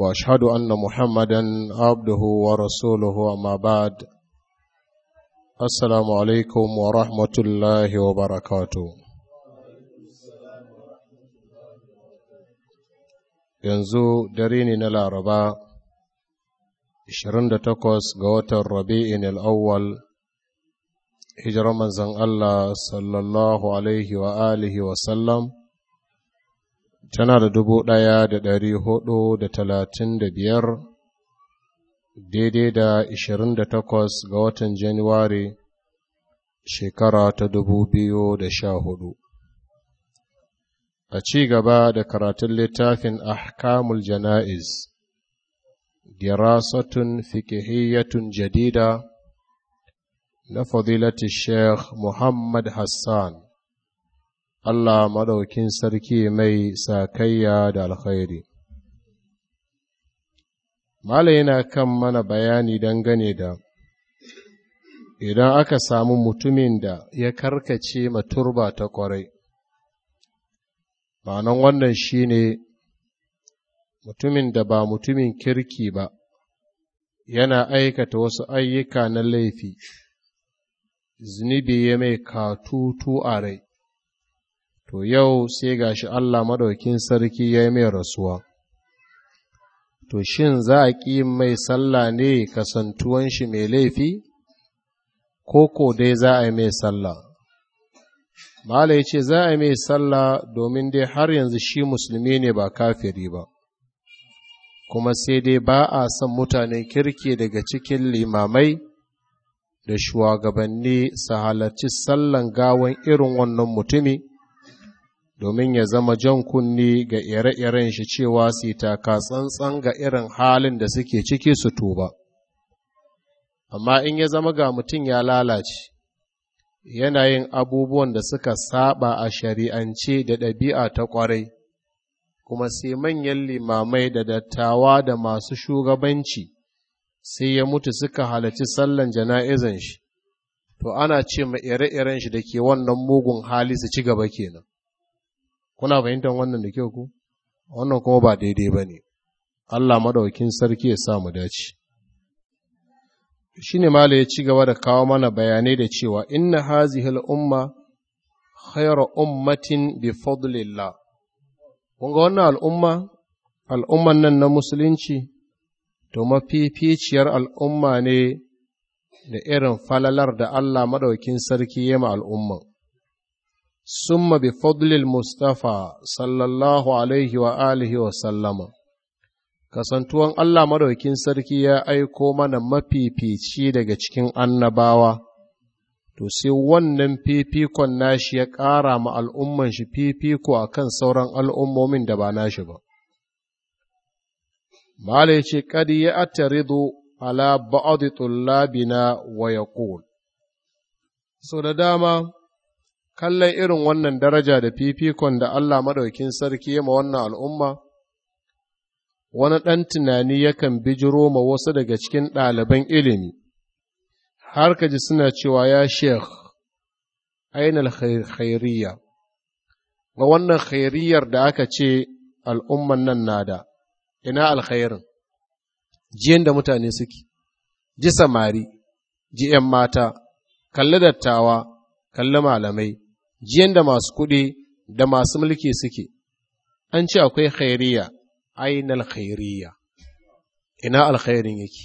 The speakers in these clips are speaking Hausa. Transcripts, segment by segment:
واشهد ان محمدا عبده ورسوله اما بعد السلام عليكم ورحمه الله وبركاته yanzu dare ne na laraba 28 ga watan rabi'in al'awwal hijirar manzan Allah sallallahu alaihi wa alihi wa sallam tana da dubu ɗaya da ɗari hudu da talatin da biyar daidai da ishirin da takwas ga watan januwari shekara ta dubu biyu da sha hudu a ci gaba da karatun littafin ahkamul jana'iz dirasatun fikihiyatun jadida na fadilati sheikh muhammad hassan Allah maɗaukin sarki mai sakayya da alkhairi. Mala yana kan mana bayani dangane da idan aka samu mutumin da ya karkace maturba ta ƙwarai, ma'anan wannan shi ne mutumin da ba mutumin kirki ba, yana aikata wasu ayyuka na laifi, zunubi ya mai katutu a rai. to yau sai gashi Allah maɗaukin sarki ya yi mai rasuwa. To shin za a ƙi mai sallah ne kasantuwan shi mai laifi, ko ko dai za a yi mai sallah. Mala ya ce za a yi mai sallah domin dai har yanzu shi musulmi ne ba kafiri ba, kuma sai dai ba a san mutane kirki daga cikin limamai da shugabanni su halarci sallan gawan irin wannan mutumi. domin ya zama jan kunne ga ire-iren shi cewa su taka tsantsan ga irin halin da suke ciki su tuba. Amma in ya zama ga mutum ya lalace, yana yin abubuwan da suka saba a shari'ance da ɗabi'a ta ƙwarai, kuma sai manyan limamai da dattawa da masu shugabanci sai ya mutu suka halarci sallan jana'izan shi, to ana ce ma ire-iren shi da ke wannan mugun hali su ci gaba kenan. kuna fahimtar wannan da kyau ku wannan kuma ba daidai ba ne allah maɗaukin sarki ya sa mu dace shi ne mala ya ci gaba da kawo mana bayanai da cewa inna hazihil umma khayra ummatin bi fadlillah kun ga wannan al'umma al'umman nan na musulunci to mafificiyar al'umma ne da irin falalar da Allah maɗaukin sarki ya ma al'umman summa bi fadlil Mustafa sallallahu Kasantuwan Allah madaukin sarki ya aiko mana mafifici daga cikin annabawa, to sai wannan fifikon nashi ya ƙara ma al'umman shi fifiko a kan sauran al'ummomin da ba nashi ba. Mala ya ce, Kadi ya attaridu ala ba'adu tullabina wa yaqul. Sau da dama, kallon irin wannan daraja da fifikon da Allah maɗaukin sarki ya ma wannan al'umma, wani ɗan tunani yakan bijiro ma wasu daga cikin ɗaliban ilimi, har ka ji suna cewa ya Sheikh, ainihin khairiyya, ga wannan khairiyyar da aka ce al'umman nan nada, ina alkhairin, jiyan da mutane suke, ji samari, ji ’yan mata, kalli dattawa, kalli malamai, jiyan da masu kuɗi da masu mulki suke an ce akwai khairiya ainal khairiya ina alkhairin yake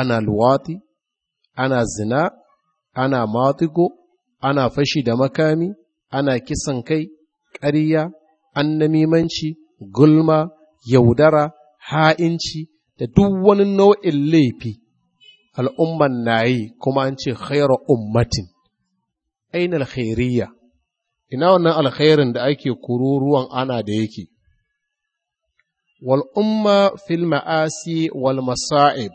ana luwati ana zina ana matugo ana fashi da makami ana kisan kai ƙarya annamimanci gulma yaudara ha'inci da duk wani nau'in laifi al'umman na yi kuma an ce khairu ummatin aina alkhairiyya ina wannan alkhairin da ake kururuwan ana da yake wal umma fil ma'asi wal masa'ib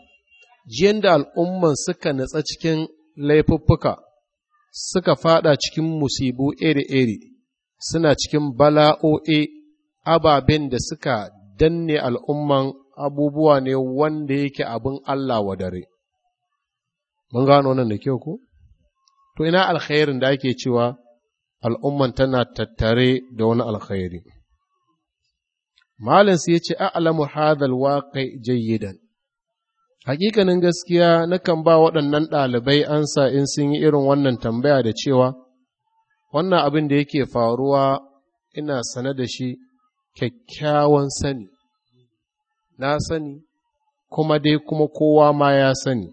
jiyan da al'umman suka natsa cikin laifuffuka suka fada cikin musibu iri-iri suna cikin bala'o'i ababen da suka danne al'umman abubuwa ne wanda yake abin Allah wa dare. Mun gano nan da kyau ko. to ina alkhairin da ake cewa al'umman tana tattare da wani alkhairi. Malinsu ya ce, A'alamu hadal waƙai jayyidan. Hakikanin gaskiya nakan ba waɗannan ɗalibai ansa in sun yi irin wannan tambaya da cewa, wannan abin da yake faruwa ina sane da shi kyakkyawan sani, na sani, kuma dai kuma kowa ma ya sani.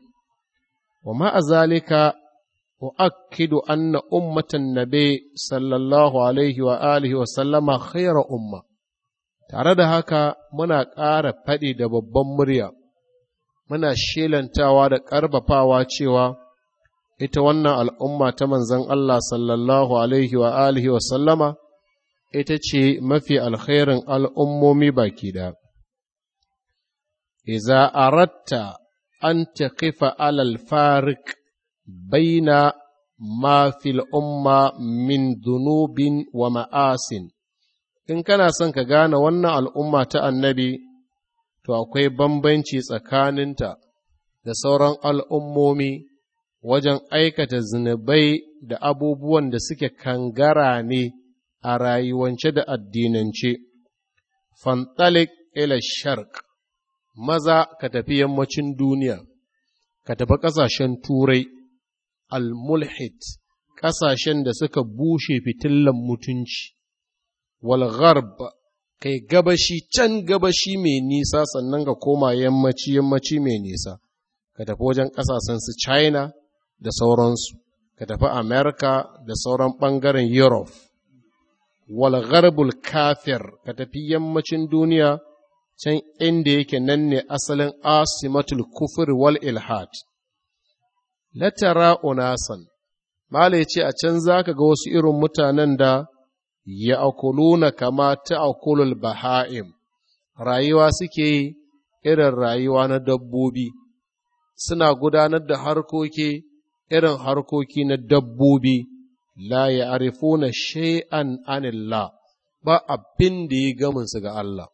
Wa ma'azalika أؤكد أن أمة النبي صلى الله عليه وآله وسلم خير أمة tare da haka muna ƙara faɗi da babban murya muna shelantawa da ƙarfafawa cewa ita wannan al'umma ta manzon Allah sallallahu alaihi wa alihi wa sallama ita ce mafi alkhairin al'ummomi baki da. Iza aratta an taƙifa alal farik baina ma fil umma min wa ma'asin in kana son ka gane wannan al'umma ta annabi to akwai bambanci tsakaninta da sauran al'ummomi wajen aikata zunubai da abubuwan da suke kangara ne a rayuwance da addinance. Fantalik ila shark maza ka tafi yammacin duniya, ka tafi ƙasashen turai, al-mulhid ƙasashen da suka bushe fitillan mutunci, wal gharb kai gabashi can gabashi mai nisa sannan ka koma yammaci yammaci mai nisa, ka tafi wajen ƙasashen su China da sauransu, ka tafi america da sauran ɓangaren Europe. Wal gharbul kafir ka tafi yammacin duniya can inda yake nan ne asalin asimatul kufur wal ilhad. latara unasan mala ce a can za ka ga wasu irin mutanen da ya akuluna kama ta akulul baha'im rayuwa suke irin rayuwa na dabbobi suna gudanar da harkoki irin harkoki na dabbobi la ya arifuna shay'an anilla ba abin da ya su ga Allah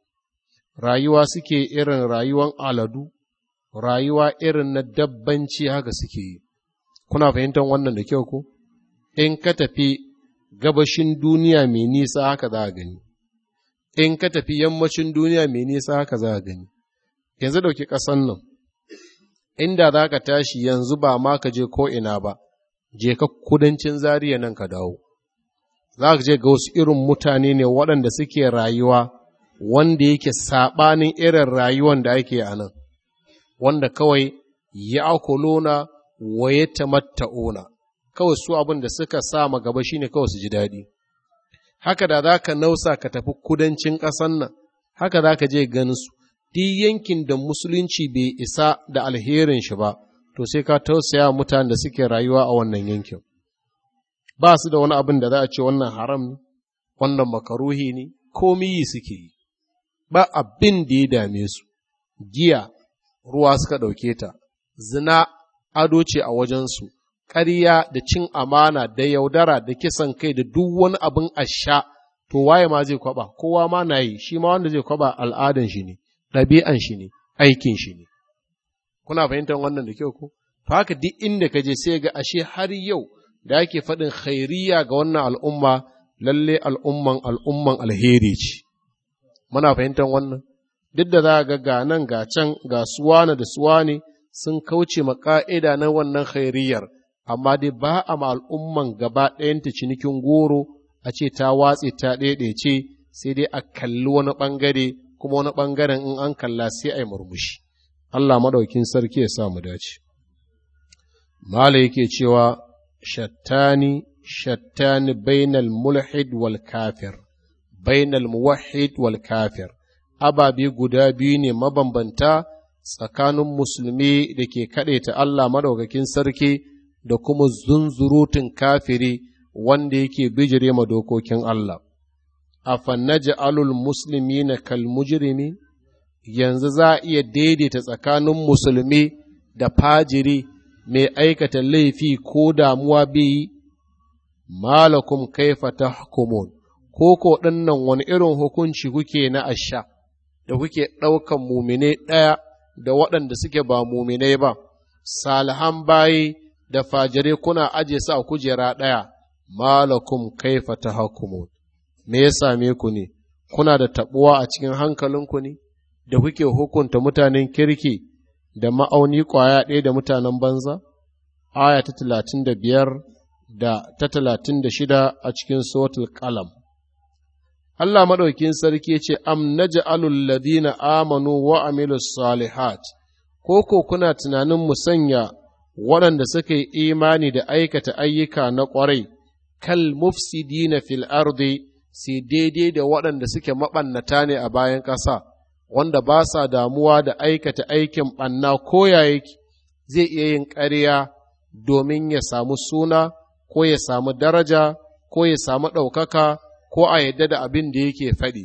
rayuwa suke irin rayuwan aladu rayuwa irin na dabbanci haka suke yi kuna fahimtar wannan da kyau ko in ka tafi gabashin duniya mai nisa haka za a gani in ka tafi yammacin duniya mai nisa haka za a gani yanzu ɗauki kasan nan inda za ka tashi yanzu ba ma ka je ko'ina ba je ka kudancin zariya nan ka dawo za ka je ga wasu irin mutane ne waɗanda suke rayuwa wanda yake saɓanin irin rayuwan da ake a nan wanda kawai ya akuluna waye na? kawai su abin da suka sa ma gaba shine kawai su ji daɗi haka da za ka nausa ka tafi kudancin ƙasan nan haka za ka je ganin su duk yankin da musulunci bai isa da alherin shi ba to sai ka tausaya mutanen da suke rayuwa a wannan yankin ba su da wani abin da za a ce wannan haram ne wannan makaruhi ne komi yi suke yi ba abin da ya dame su giya ruwa suka ɗauke ta zina ado ce a wajensu, ƙarya da cin amana da yaudara da kisan kai da duk wani abin a sha to waye ma zai kwaba, kowa ma na yi, shi ma wanda zai kwaba al'adan shi ne, ɗabi'an shi ne, aikin shi ne. Kuna fahimtar wannan da kyau ko? To haka duk inda ka je sai ga ashe har yau da ake faɗin khairiya ga wannan al'umma, lalle al'umman al'umman alheri ce. Muna fahimtar wannan? Duk da za ga ga nan ga can ga suwane da suwane sun kauce ma ƙa'ida na wannan khairiyar, amma dai ba a ma al'umman gaba ɗayanta cinikin goro a ce ta watse ta ɗaiɗaice sai dai a kalli wani ɓangare kuma wani ɓangaren in an kalla sai a yi murmushi. Allah maɗaukin sarki ya sa mu dace. Mala yake cewa shattani shattani bainal mulhid wal kafir bainal muwahhid wal kafir ababe guda biyu ne mabambanta tsakanin musulmi da ke kaɗaita Allah maɗaukakin sarki da kuma zunzurutun kafiri wanda yake bijire ma dokokin Allah. Afannaji alul musulmi na kalmujirimi, yanzu za a iya daidaita tsakanin musulmi da fajiri mai aikata laifi ko damuwa biyi, malakum kaifa hukumun, ko ko ɗannan wani irin hukunci kuke na asha. da kuke ɗaukan mumine ɗaya da waɗanda suke ba muminai ba, salihan bayi da fajire kuna aje su a kujera ɗaya, malakum kaifa ta hakumu, me ya same ku ne, kuna da taɓuwa a cikin hankalinku ne, da kuke hukunta mutanen kirki da ma'auni ƙwaya ɗaya da mutanen banza? Aya ta talatin da biyar da ta talatin da shida a cikin sotul ƙalam. Allah maɗaukin sarki ce, Am na ladina amanu wa amilus salihat, ko ko kuna tunanin mu sanya waɗanda suka yi imani da aikata ayyuka na ƙwarai, kal mufsidina fil ardi sai daidai da waɗanda suke maɓannata ne a bayan ƙasa, wanda ba sa damuwa da aikata aikin ɓanna ko yayi zai iya yin ƙarya domin ya samu suna ko ya samu daraja ko ya samu ɗaukaka ko a yadda da abin da yake faɗi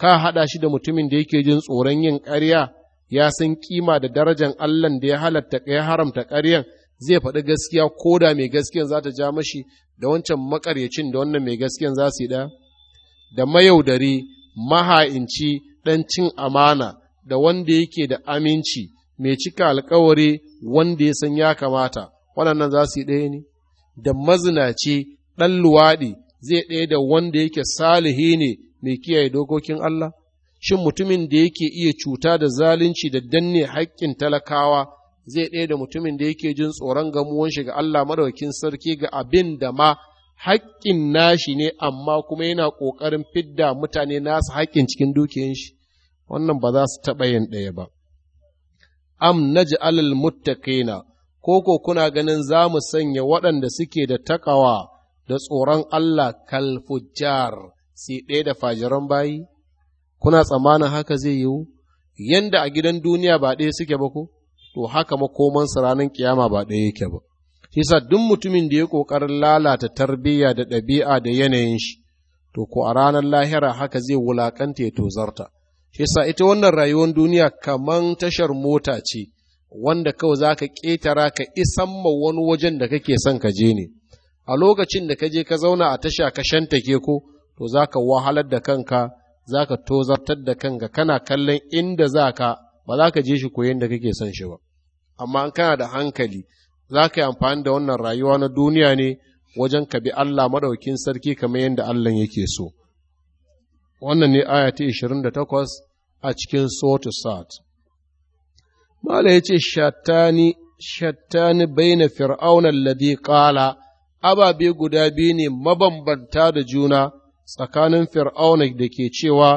ka haɗa shi da mutumin da yake jin tsoron yin ƙarya ya san kima da darajan Allahn da ya halatta ya haramta ƙaryan zai faɗi gaskiya ko da mai gaskiyan za ta ja mashi da wancan makaryacin da wannan mai gaskiyan za su yi ɗaya da mayaudari maha'inci ɗan cin amana da wanda yake da aminci mai cika alkawari wanda ya san ya kamata waɗannan za su yi ɗaya ne da mazinaci ɗan luwaɗi zai ɗaya da wanda yake salihi ne mai kiyaye dokokin Allah? Shin mutumin da yake iya cuta da zalunci da danne haƙƙin talakawa zai ɗaya da mutumin da yake jin tsoron gamuwan shi ga Allah madaukin sarki ga abin da ma haƙƙin nashi ne amma kuma yana ƙoƙarin fidda mutane nasu haƙƙin cikin dukiyan shi wannan ba za su taɓa yin ɗaya ba am alal muttaqina ko ko kuna ganin za mu sanya waɗanda suke da takawa da tsoron Allah kalfujjar sai ɗaya da fajiran bayi? Kuna tsammanin haka zai yiwu? Yanda a gidan duniya ba ɗaya suke ba ko? To haka su ranar ƙiyama ba ɗaya yake ba. Shisa duk mutumin da ya ƙoƙarin lalata tarbiyya da ɗabi'a da yanayin shi, to ko a ranar lahira haka zai wulaƙanta ya tozarta. Shisa ita wannan rayuwar duniya kaman tashar mota ce, wanda kawai za ka ƙetara ka isan ma wani wajen da kake son ka je ne. a lokacin da ka je ka zauna a tasha ka shantake ko to za ka wahalar da kanka za ka tozartar da kanka kana kallon inda za ka ba za ka je shi koyon da kake son shi ba amma in kana da hankali za ka yi amfani da wannan rayuwa na duniya ne wajen ka bi Allah maɗaukin sarki kamar yadda Allah yake so wannan ne aya ta 28 a cikin sotu sa'ad mala ya ce shattani shattani na fir'auna Ladi qala ababe guda biyu ne mabambanta da juna tsakanin fir'auna da ke cewa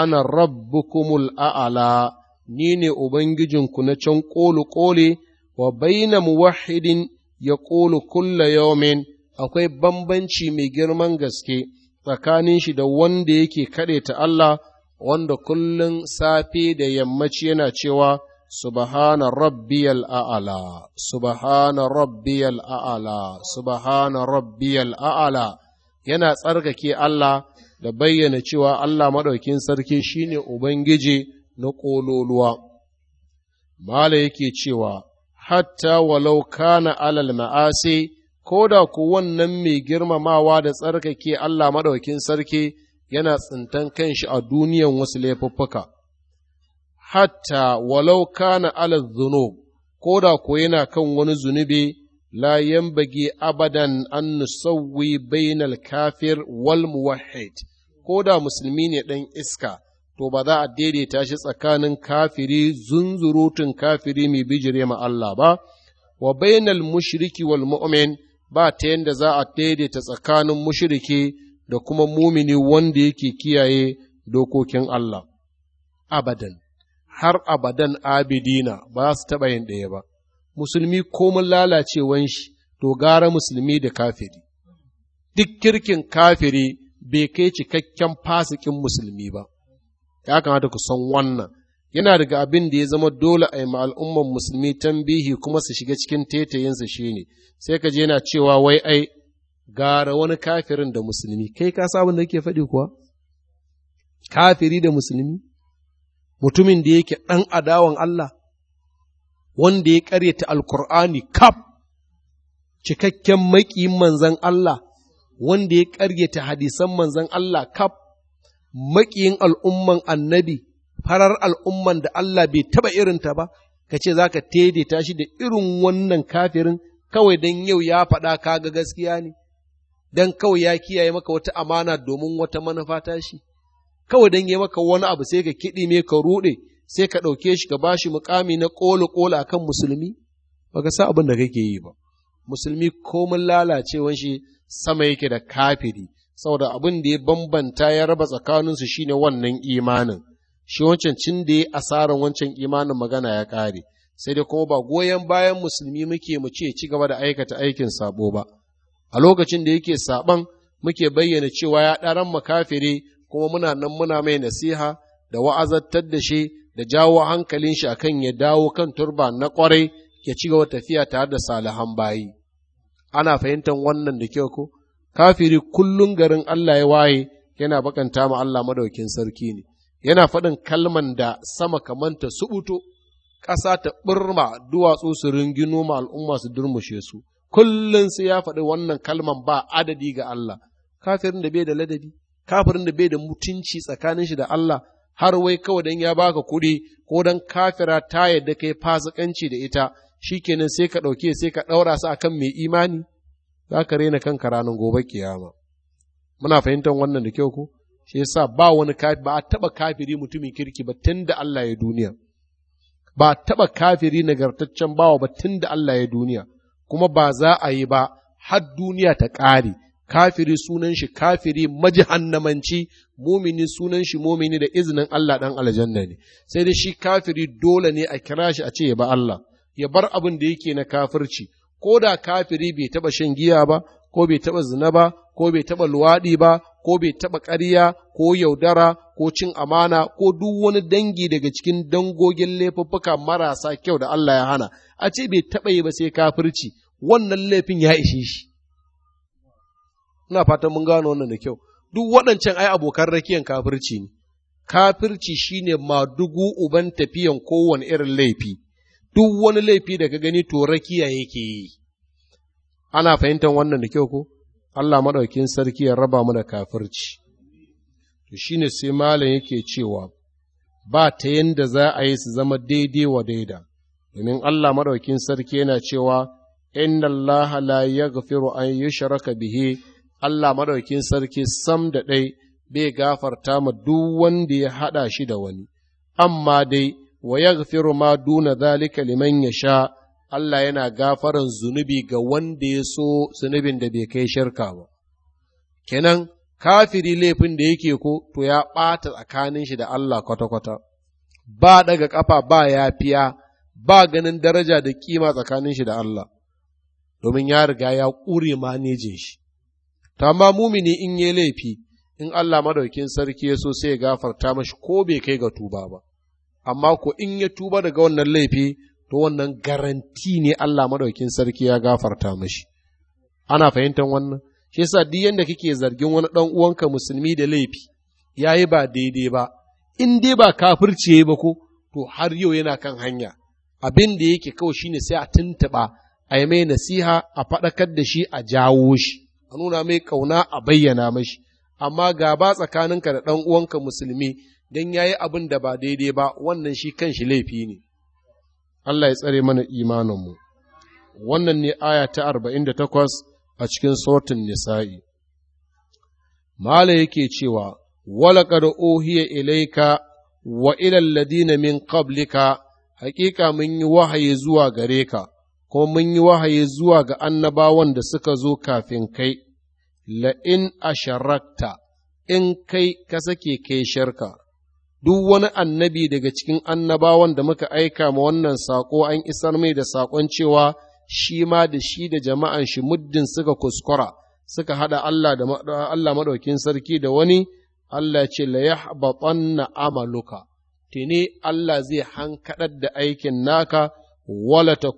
ana rabbukumul a'ala ni ne ubangijinku na can ƙolu ƙole wa baina muwahidin ya ƙolu kulla yaumin akwai bambanci mai girman gaske tsakanin shi da wanda yake kaɗe ta Allah wanda kullum safe da yammaci yana cewa subhana ربي a'ala subhana ربي a'ala subhana ربي a'ala yana tsarkake Allah da bayyana cewa Allah maɗaukin sarki shine ubangiji na ƙololuwa mala yake cewa hatta walau kana alal ma'asi ko da ku wannan mai girmamawa da tsarkake Allah maɗaukin sarki yana tsintan kanshi a duniyan wasu laifuffuka hatta walau kana ala zunub ko da ko yana kan wani zunubi la yambagi abadan an nusawwi bainal kafir wal muwahhid ko da musulmi ne ɗan iska to ba za a daidaita shi tsakanin kafiri zunzurutun kafiri mai bijire ma Allah ba wa bainal mushriki wal mu'min ba ta yanda za a daidaita tsakanin mushriki da kuma mumini wanda yake kiyaye dokokin Allah abadan har abadan abidina ba za su taɓa yin ɗaya ba musulmi komin lalacewan shi to gara musulmi da kafiri duk kirkin kafiri bai kai cikakken fasikin musulmi ba ya kamata ku san wannan yana daga abin da ya zama dole a yi al'umman musulmi tambihi kuma su shiga cikin tetayinsa shine sai ka je yana cewa wai ai gara wani kafirin da musulmi kai ka sabon da yake faɗi kuwa kafiri da musulmi mutumin da yake ɗan adawan Allah, wanda ya ƙaryata alkur'ani kaf, cikakken maƙiyin manzan Allah, wanda ya ƙaryata hadisan manzan Allah kaf, maƙiyin al'umman annabi, farar al'umman da Allah bai taɓa ta ba, ka ce za ka taidaita shi da irin wannan kafirin kawai don yau ya faɗa kaga gaskiya ne, don kawai ya kiyaye maka wata amana domin wata manufa tashi. shi. kawai don yi maka wani abu sai ka kiɗi me ka ruɗe sai ka ɗauke shi ka bashi mukami na ƙola ƙola akan musulmi Ba ka sa abin da kake yi ba musulmi mun lalacewan shi sama yake da kafiri saboda abin da ya bambanta ya raba tsakaninsu shine wannan imanin shi wancan cin da ya asarar wancan imanin magana ya ƙare sai dai kuma ba goyon bayan musulmi muke mu ce ci gaba da aikata aikin sabo ba a lokacin da yake saban muke bayyana cewa ya ɗaran makafire kuma muna nan muna mai nasiha da wa'azattar da shi da jawo hankalin shi akan ya dawo kan turba na kwarai ya ci gaba tafiya tare da salihan bayi ana fahimtar wannan da kyau ko kafiri kullum garin Allah ya waye yana bakanta ma Allah madaukin sarki ne yana faɗin kalman da sama kamanta subuto ƙasa ta ɓirma duwatsu su ringino ma al'umma su durmushe su Kullum sai ya faɗi wannan kalman ba adadi ga Allah kafirin da bai da ladabi kafirin da bai da mutunci tsakanin shi da Allah har wai kawai dan ya baka kuɗi ko dan kafira ta yadda kai fasikanci da ita shikenan sai ka ɗauke sai ka ɗaura su akan mai imani za ka rena kanka ranar gobe kiyama muna fahimtar wannan da kyau ko shi yasa ba wani kafi ba a taba kafiri mutumin kirki ba tun da Allah ya duniya ba a taba kafiri nagartaccen bawa ba tun da Allah ya duniya kuma ba za a yi ba har duniya ta ƙare kafiri sunan shi kafiri majihannamanci mumini sunan shi mumini da izinin Allah dan aljanna ne sai dai shi kafiri dole ne a kira shi a ce ya ba Allah ya bar abin da yake na kafirci ko da kafiri bai taba shan giya ba ko bai taba zina ba ko bai taba luwaɗi ba ko bai taba ƙarya ko yaudara ko cin amana ko duk wani dangi daga cikin dangogin laifuffuka marasa kyau da Allah ya hana a ce bai taba yi ba sai kafirci wannan laifin ya ishe shi ina fatan mun gano wannan da kyau duk waɗancan ai abokan rakiyan kafirci ne kafirci shine madugu uban tafiyan kowane irin laifi duk wani laifi da ka gani to rakiya yake yi ana fahimtar wannan da kyau ko Allah maɗaukin sarki ya raba mu da kafirci to shine sai malam yake cewa ba ta yanda za a yi su zama daidai wa daida domin Allah maɗaukin sarki yana cewa inna Allah la yaghfiru an yushraka bihi Allah maɗaukin sarki sam da ɗai bai gafarta ma duk wanda ya haɗa shi da wani, amma dai wa yaghfiru ma duna zalika liman ya sha Allah yana gafaran zunubi ga wanda ya so zunubin da bai kai shirka ba. Kenan kafiri laifin da yake ko to ya ɓata tsakanin shi da Allah kwata-kwata, ba daga ƙafa ba ya fiya ba ganin daraja da kima tsakanin shi da Allah, domin ya riga ya ƙure manejin shi. to amma mumini in yi laifi in Allah madaukin sarki ya so sai ya gafarta mashi ko bai kai ga tuba ba amma ko in ya tuba daga wannan laifi to wannan garanti ne Allah madaukin sarki ya gafarta mashi ana fahimtar wannan shi yasa duk yanda kake zargin wani dan uwanka musulmi da laifi yayi ba daidai ba in dai ba kafirci ba ko to har yau yana kan hanya abin da yake kawai shine sai a tuntuɓa a yi mai nasiha a faɗakar da shi a jawo shi a nuna mai kauna a bayyana mashi amma ga ba tsakaninka da ɗan uwanka musulmi don ya yi abin da ba daidai ba wannan shi kan shi laifi ne Allah ya tsare mana imaninmu wannan ne aya ta arba'in da takwas a cikin sautin nisa'i mala yake cewa da ohiya ilaika wa ilal ladina min qablika haƙiƙa mun yi wahayi zuwa gare ka kuma mun yi wahayi zuwa ga annabawan da suka zo kafin kai, la'in a sharakta, in kai ka sake kai sharka, duk wani annabi daga cikin annabawan da muka aika ma wannan saƙo an isar mai da saƙon cewa shi ma da shi da jama'an shi muddin suka kuskura, suka haɗa Allah da Allah maɗaukin sarki da wani, Allah ce la yahbatanna amaluka, tuni Allah zai hankaɗar da aikin naka. wala ta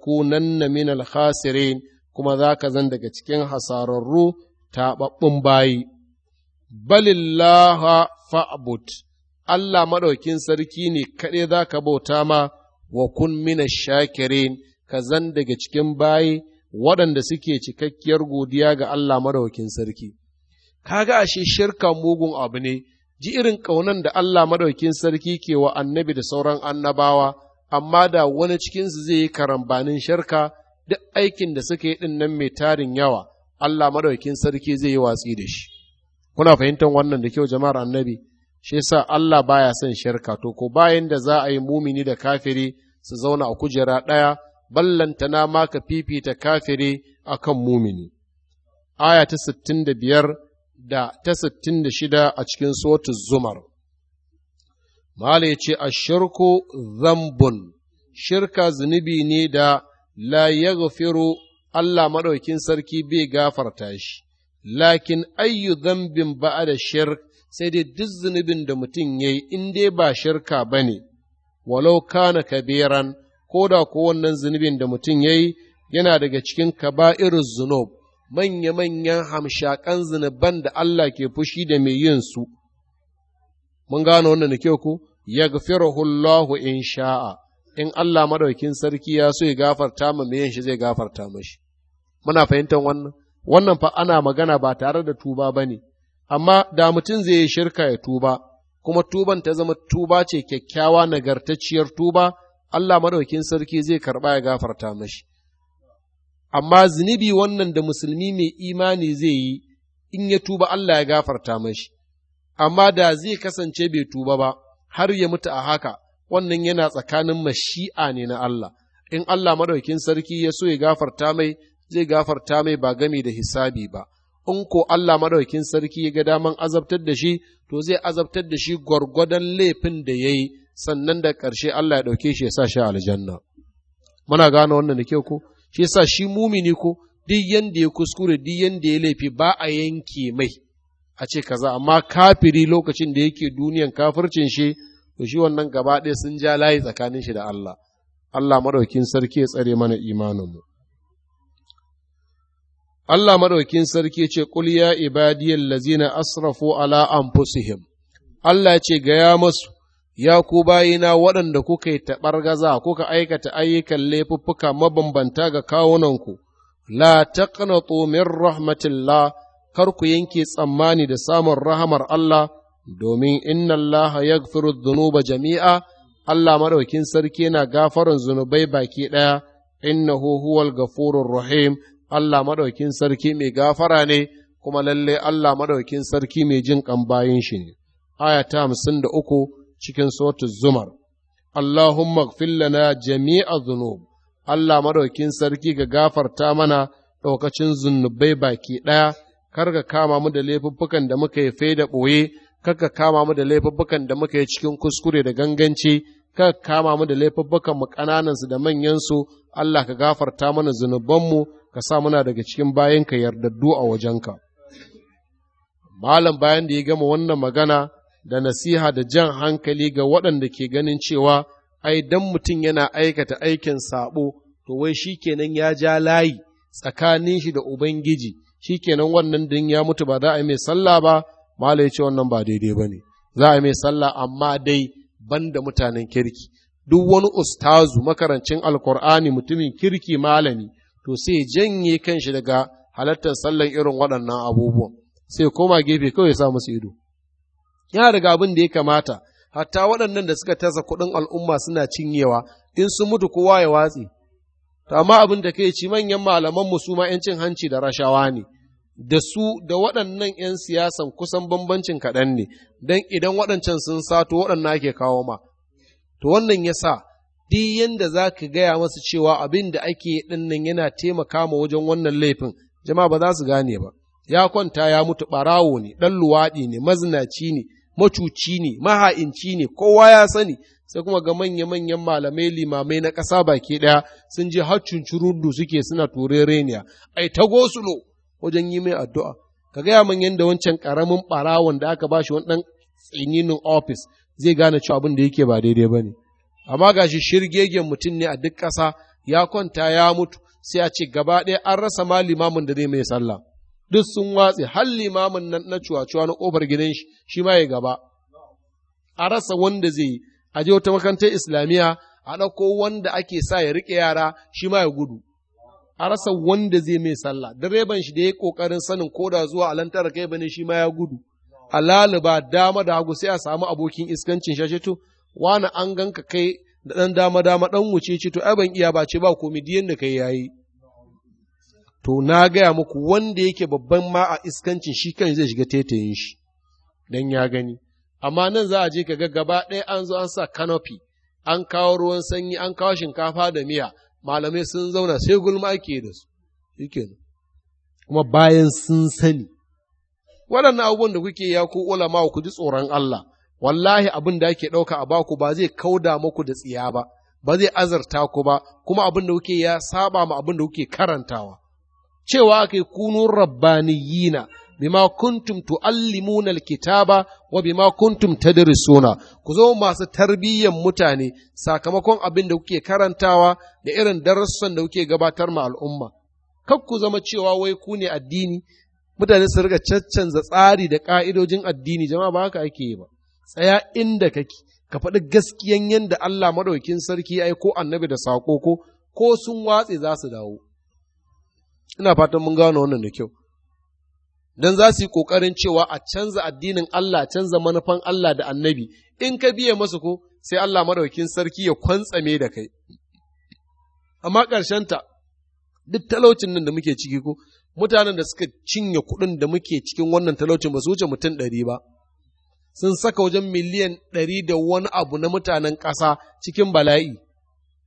na minal khasirin kuma za ka zan daga cikin hasararru taɓaɓɓun bayi. Balillaha fa'bud Allah maɗaukin sarki ne kaɗai za ka bauta ma wa kun mina shakirin ka zan daga cikin bayi waɗanda suke cikakkiyar godiya ga Allah maɗaukin sarki. Kaga ashe shirka mugun abu ne, ji irin ƙaunan da Allah maɗaukin sarki ke wa annabi da sauran annabawa, amma da wani cikinsu zai yi karambanin sharka duk aikin da suka yi ɗin nan mai tarin yawa Allah maɗaukin sarki zai yi watsi da shi kuna fahimtar wannan da kyau jama'ar annabi shi sa Allah baya son sharka to ko bayan da za a yi mumini da kafiri su zauna a kujera ɗaya ballantana ma ka fifita kafiri a kan mumini aya ta 65 da ta shida a cikin sotus zumar Mala ya ce, shirku zambun, shirka zunubi ne da la ya gafiro Allah maɗaukin sarki bai gafarta shi, lakin ayyu zambin a da shirk sai dai duk zunubin da mutum ya yi in dai ba shirka ba ne, walau kana kabiran, ko da ko wannan zunubin da mutum ya yi yana daga cikin kaba'ir zunub, manya-manyan hamshakan zunuban da Allah ke fushi da mai yin su. mun gano wannan da kyau ku yaghfiruhu Allahu in sha'a in Allah madaukin sarki ya so ya gafarta mu me shi zai gafarta mashi muna fahimtar wannan wannan fa ana magana ba tare da tuba bane amma da mutum zai yi shirka ya tuba kuma tuban ta zama tuba ce kyakkyawa nagartacciyar tuba Allah madaukin sarki zai karba ya gafarta mashi amma zunubi wannan da musulmi mai imani zai yi in ya tuba Allah ya gafarta mashi amma da zai kasance bai tuba ba har ya mutu a haka wannan yana tsakanin mashi'a ne na Allah in Allah madaukin sarki ya so ya gafarta mai zai gafarta mai ba gami da hisabi ba in ko Allah madaukin sarki ya ga daman azabtar da shi to zai azabtar da shi gwargwadon laifin da ya yi sannan da ƙarshe Allah ya ɗauke shi ya sa shi aljanna muna gane wannan da kyau ko shi yasa shi mumini ko duk yanda ya kuskure duk yanda ya laifi ba a yanke mai a ce kaza amma kafiri lokacin da yake duniyan kafircin shi to shi wannan gaba sun ja layi tsakanin shi da Allah Allah madaukin sarki ya tsare mana imaninmu Allah madaukin sarki ya ce qul ya ibadiyal ladzina asrafu ala anfusihim Allah ce gaya masu ya ku bayina waɗanda kuka yi gaza, kuka aikata ayyukan laifuffuka mabambanta ga kawunanku la taqnatu min rahmatillah kar ku yanke tsammani da samun rahamar Allah domin inna Allah ya zunuba jami'a Allah maɗaukin sarki yana gafarin zunubai baki ɗaya inna huwal gafurur rahim Allah maɗaukin sarki mai gafara ne kuma lalle Allah maɗaukin sarki mai jin ƙan bayan shi ne aya hamsin da uku cikin sotu zumar Allahumma fillana jami'a zunub Allah maɗaukin sarki ga gafarta mana ɗaukacin zunubai baki ɗaya kar ka kama mu da laifuffukan da muka yi fe da ɓoye, kar ka kama mu da laifuffukan da muka yi cikin kuskure da ganganci, kar ka kama mu da laifuffukan mu ƙananansu da manyansu, Allah ka gafarta mana zunubanmu, ka sa muna daga cikin bayanka yardaddu a wajenka. Malam bayan da ya gama wannan magana da nasiha da jan hankali ga waɗanda ke ganin cewa ai dan mutum yana aikata aikin saɓo, to wai shi kenan ya ja layi tsakanin shi da Ubangiji. shi kenan wannan din ya mutu ba za a yi mai sallah ba mala ya ce wannan ba daidai ba ne za a yi mai sallah amma dai ban da mutanen kirki duk wani ustazu makarancin alkur'ani mutumin kirki malami to sai janye kan shi daga halartar sallan irin waɗannan abubuwan sai koma gefe kawai ya sa musu ido ya riga abin da ya kamata hatta waɗannan da suka tasa kuɗin al'umma suna cinyewa in sun mutu kowa ya watsi. Ta amma abin da kai ci manyan malaman mu su ma yancin hanci da rashawa ne da su da waɗannan 'yan siyasan kusan bambancin kaɗan ne, don idan waɗancan sun sato waɗannan ake kawo ma. To wannan ya sa, duk yadda za ka gaya masu cewa abin da ake ɗinnan yana taimaka ma wajen wannan laifin, jama'a ba za su gane ba. Ya kwanta ya mutu ɓarawo ne, ɗan luwaɗi ne, mazinaci ne, macuci ne, maha'inci ne, kowa ya sani, sai kuma ga manya-manyan malamai limamai na ƙasa baki ɗaya sun je har cuncurundu suke suna turereniya, ai ta gosulo. wajen yi mai addu'a ka gaya min yadda wancan ƙaramin ɓarawon da aka bashi wani ɗan tsininin ofis zai gane cewa abin da yake ba daidai ba ne amma ga shi shirgegen mutum ne a duk ƙasa ya kwanta ya mutu sai a ce gaba ɗaya an rasa ma limamin da zai mai sallah duk sun watse har limamin nan na cuwa-cuwa na ƙofar gidan shi shi ma ya gaba a rasa wanda zai yi a je wata makarantar islamiyya a ɗauko wanda ake sa ya riƙe yara shi ma ya gudu a rasa wanda zai mai sallah direban shi da ya kokarin sanin ko koda zuwa alantar kai bane shi ma ya gudu a ba dama da hagu sai a samu abokin iskancin shashe to wani an ganka kai da ɗan dama dama ɗan wuce ce to ai ban iya ba ce ba komai diyan da kai yayi to na gaya muku wanda yake babban ma a iskancin shi kan zai shiga tetayen shi dan ya gani amma nan za a je ka ga gaba ɗaya an zo an sa canopy an kawo ruwan sanyi an kawo shinkafa da miya malamai sun zauna sai gulma ake da su kuma bayan sun sani waɗannan abubuwan da kuke ya ku ulama ku ji tsoron Allah wallahi abin da ake ɗauka a baku ba zai kauda muku da tsiya ba ba zai azarta ku ba kuma abin da kuke ya saba ma abin da kuke karantawa cewa kai kunun rabbaniyina bima kuntum tuallimuna alkitaba wa bima kuntum tadrisuna ku zo masu tarbiyyan mutane sakamakon abin da kuke karantawa da irin darussan da kuke gabatar ma al'umma kar ku zama cewa wai ku ne addini mutane su riga caccanza tsari da ka'idojin addini jama'a ba haka ake yi ba tsaya inda kake ka faɗi gaskiyan yanda Allah maɗaukin sarki ya ko annabi da sako ko ko sun watse za su dawo ina fatan mun gano wannan da kyau don za su yi ƙoƙarin cewa a canza addinin Allah, canza manufan Allah da annabi, in ka biya masu ko sai Allah maɗaukin sarki ya kwantsame da kai. Amma ta duk talaucin nan da muke ciki ko, mutanen da suka cinye kuɗin da muke cikin wannan talaucin ba su wuce mutum ɗari ba. Sun saka wajen miliyan ɗari da wani abu na mutanen ƙasa cikin bala'i,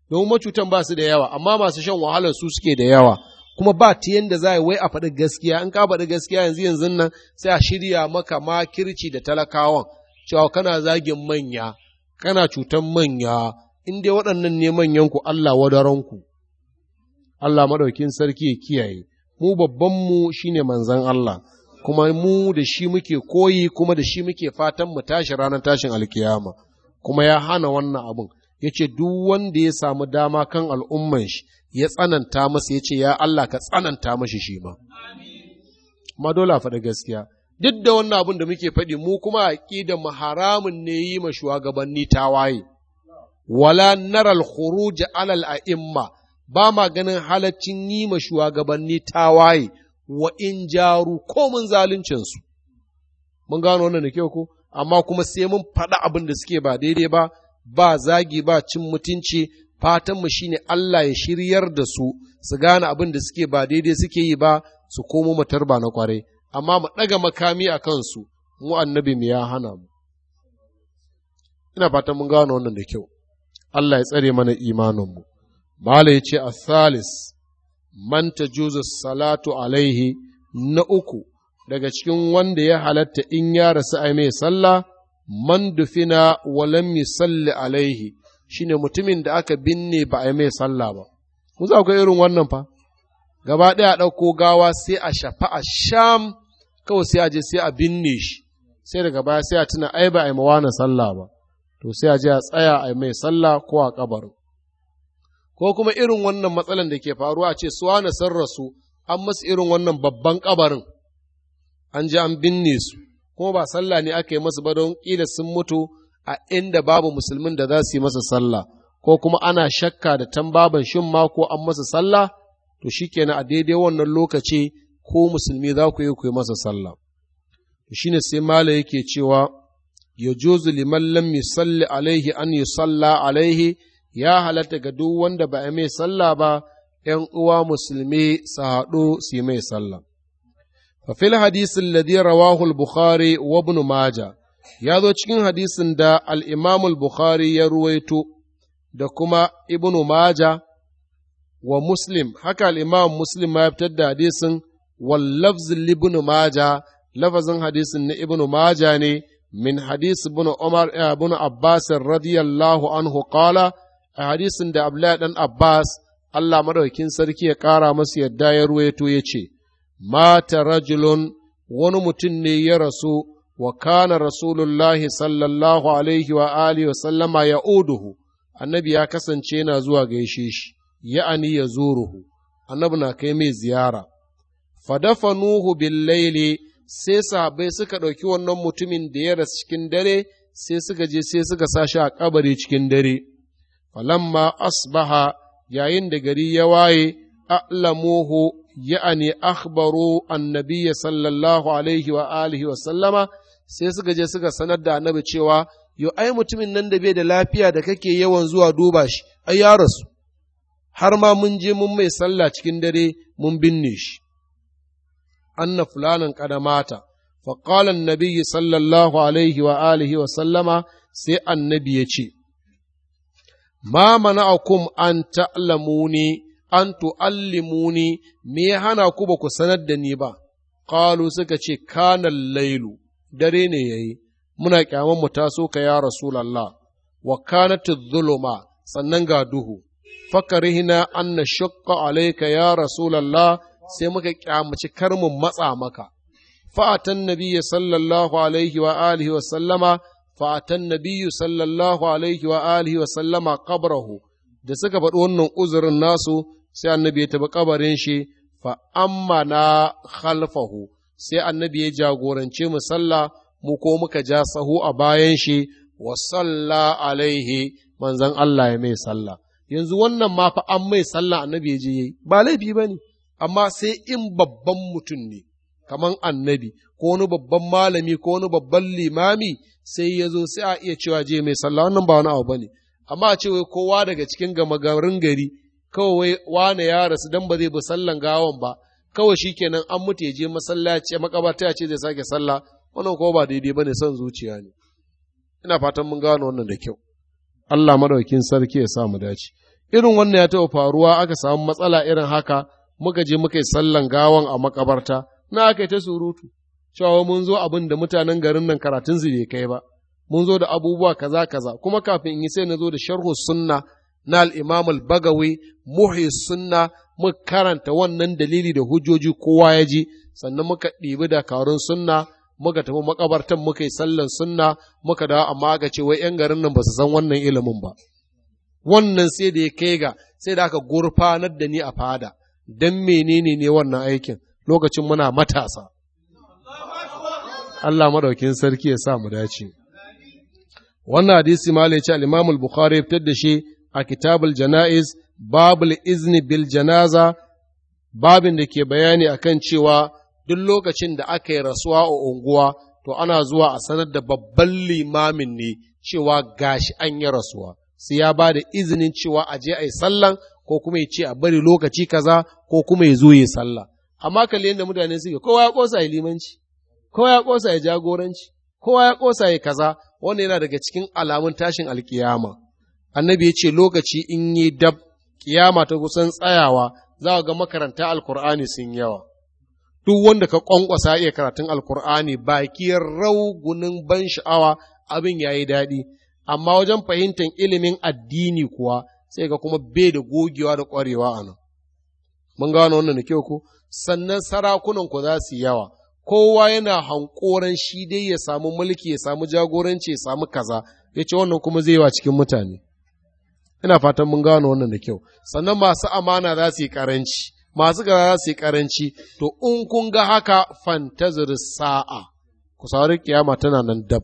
domin macutan ba su da yawa, amma masu shan wahalar su suke da yawa. kuma ba ta yadda za a wai a faɗi gaskiya in ka faɗi gaskiya yanzu yanzu nan sai a shirya maka makirci da talakawan cewa kana zagin manya kana cutan manya in dai waɗannan ne manyanku Allah wadaranku Allah maɗaukin sarki ya kiyaye mu babbanmu shine manzan Allah kuma mu da shi muke koyi kuma da shi muke fatan mu tashi ranar tashin alkiyama kuma ya hana wannan abun. ya ce duk wanda ya samu dama kan al'umman shi ya tsananta masa ya ce ya Allah ka tsananta mashi shi ma ma dole a faɗi gaskiya duk da wannan abin da muke faɗi mu kuma a ƙida mu haramun ne yi ma shugabanni tawaye wala naral khuruj alal a'imma ba ma ganin halaccin yi ma shugabanni tawaye wa in jaru ko mun zaluncin mun gano wannan da kyau ko amma kuma sai mun faɗa abin da suke ba daidai ba ba zagi ba cin mutunci fatanmu shine Allah ya shiryar da su su gane abin da suke ba daidai suke yi ba su komo mu tarba na kwarai amma mu ɗaga makami a kansu mu annabi mu ya hana mu ina fatan mun gano wannan da kyau Allah ya tsare mana imaninmu Malam ya ce salis manta tajuzu salatu alaihi na uku daga cikin wanda ya halatta in ya rasu a mai sallah man dufina walam yusalli alaihi shine mutumin da aka binne ba a mai sallah ba mun za ku irin wannan fa gaba ɗaya a ɗauko gawa sai a shafa a sham kawai sai a je sai a binne shi sai daga baya sai a tuna ai ba a yi mawa na sallah ba to sai a je a tsaya a mai sallah ko a kabarin ko kuma irin wannan matsalan da ke faruwa ce suwa na sun rasu an masu irin wannan babban kabarin an je an binne su kuma ba sallah ne aka yi masu ba don ƙila sun mutu a inda babu musulmin da za su yi masa sallah ko kuma ana shakka da tambaban shin ma ko an masa sallah to shikenan a daidai wannan lokaci ko musulmi za ku yi ku yi masa sallah to shine sai mala yake cewa ya juzu liman lam yusalli alaihi an yusalla alaihi ya halatta ga duk wanda ba a mai sallah ba ‘yan uwa musulmi su haɗu su yi mai sallah. ففي الحديث الذي رواه البخاري وابن ماجه ya zo cikin hadisin da al'imamul Bukhari ya ruwaito da kuma Ibn Maja wa Muslim, haka al'imam Muslim ya fitar da hadisin wallafzin Ibn Maja, lafazin hadisin na Ibn Maja ne min hadis Ibn Umar eh, ibn Abbas radiyallahu anhu kala a hadisin da Abdullahi dan Abbas Allah madaukin sarki ya ƙara masu yadda ya ruwaito ya ce, Mata rajulun wani mutum ne ya rasu wa kana rasulullahi sallallahu alaihi wa wa sallama ya oduhu annabi ya kasance yana zuwa gaishe shi ya'ani ya zuruhu annabi na kai mai ziyara fadafanuhu billaili sai sahabbai suka ɗauki wannan mutumin da ya rasu cikin dare sai suka je sai suka sa shi a kabari cikin dare falamma asbaha yayin da gari ya waye a'lamuhu ya'ani akhbaru annabiyya sallallahu alaihi wa wa sallama sai suka je suka sanar da annabi cewa yo ai mutumin nan da bai da lafiya da kake yawan zuwa duba shi ai ya rasu har ma mun je mun mai sallah cikin dare mun binne shi anna fulanan kadamata fa qala annabi sallallahu alaihi wa alihi wa sallama sai annabi ya ce ma mana'akum an ta'lamuni an tu'allimuni me hana ku ba ku sanar da ni ba qalu suka ce kana lailu dare ne yayi muna kyaman mu taso ka ya rasulullah wa kanat dhuluma sannan ga duhu fakarihina anna shaqqa alaika ya rasulullah sai muka kyamaci kar matsa maka fa'atan nabiyyi sallallahu alaihi wa alihi wa sallama fa'atan nabiyyu sallallahu alaihi wa alihi wa sallama qabrahu da suka faɗi wannan uzurin nasu sai annabi ya taɓa kabarin shi fa amma na khalfahu sai annabi ya jagorance mu sallah mu ko muka ja sahu a bayan shi wa salla alaihi manzon Allah ya mai sallah yanzu wannan ma fa an mai sallah annabi ya je yayi ba laifi bane amma sai in babban mutum ne kaman annabi ko wani babban malami ko wani babban limami sai ya zo sai a iya cewa je mai sallah wannan ba wani abu bane amma a ce wai kowa daga cikin gama garin gari kawai wane ya rasu dan ba zai bi sallan gawan ba kawai shi kenan an mutu ya je masallaci makabarta ya ce zai sake sallah wannan ko ba daidai bane son zuciya ne ina fatan mun gano wannan da kyau Allah madaukin sarki ya sa mu dace irin wannan ya taɓa faruwa aka samu matsala irin haka muka je muka yi sallan gawan a makabarta na aka yi ta surutu cewa mun zo abin da mutanen garin nan karatun su bai kai ba mun zo da abubuwa kaza kaza kuma kafin in yi sai na zo da sharhu sunna na al-imam al-bagawi muhi sunna muka karanta wannan dalili da hujjoji kowa ya ji sannan muka ɗibi dakarun sunna muka tafi makabartan muka yi sallan sunna muka dawo amma aka ce wai 'yan garin nan ba su san wannan ilimin ba wannan sai da ya kai ga sai da aka gurfanar da ni a fada don menene ne wannan aikin lokacin muna matasa Allah madaukin sarki ya sa mu dace wannan hadisi malai ce al-Imam al-Bukhari ya fitar da shi a Kitabul Janaiz babu izni bil janaza babin da ke bayani akan cewa duk lokacin da aka yi rasuwa a unguwa to ana zuwa a sanar da babban limamin ne cewa gashi an yi rasuwa sai ya ba da izinin cewa a je a yi sallan ko kuma ya ce a bari lokaci kaza ko kuma ya zo ya sallah amma kalli yadda mutane suke kowa ya kosa ya limanci kowa ya kosa ya jagoranci kowa ya kosa ya kaza wannan yana daga cikin alamun tashin alkiyama annabi ya ce lokaci in yi dab kiyama ta kusan tsayawa za ga makaranta alkur'ani sun yawa duk wanda ka kwankwasa iya karatun alkur'ani baki raugunin ban sha'awa abin ya yi daɗi amma wajen fahimtar ilimin addini kuwa sai ga kuma bai da gogewa da ƙwarewa a nan mun gano wannan da kyau ko sannan sarakunan ku za su yawa kowa yana hankoran shi dai ya samu mulki ya samu jagoranci ya samu kaza ya ce wannan kuma zai yi wa cikin mutane ina fatan mun gano wannan da kyau sannan masu amana za su yi karanci masu gara za su yi karanci to in kun ga haka fantazir sa'a ku saurari kiyama tana nan dab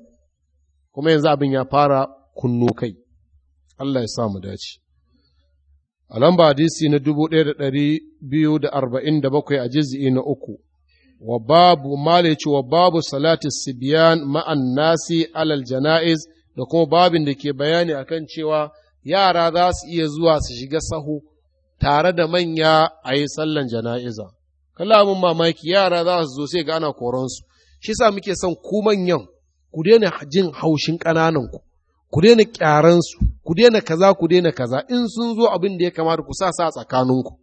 kuma yanzu abin ya fara kunno kai Allah ya sa mu dace a lamba hadisi na dubu da ɗari da arba'in da a jiz'i na uku wa babu malici wa babu salati sibiyan ma'an nasi alal jana'iz da kuma babin da ke bayani akan cewa yara za su iya zuwa su shiga sahu tare da manya a yi sallan jana'iza. Kalla abin mamaki yara za su zo sai ga ana koronsu, shi sa muke son ku manyan ku daina jin haushin ƙananinku, ku daina ƙyaransu, ku daina kaza ku daina kaza in sun zo abin da ya kamata ku sa sa tsakaninku.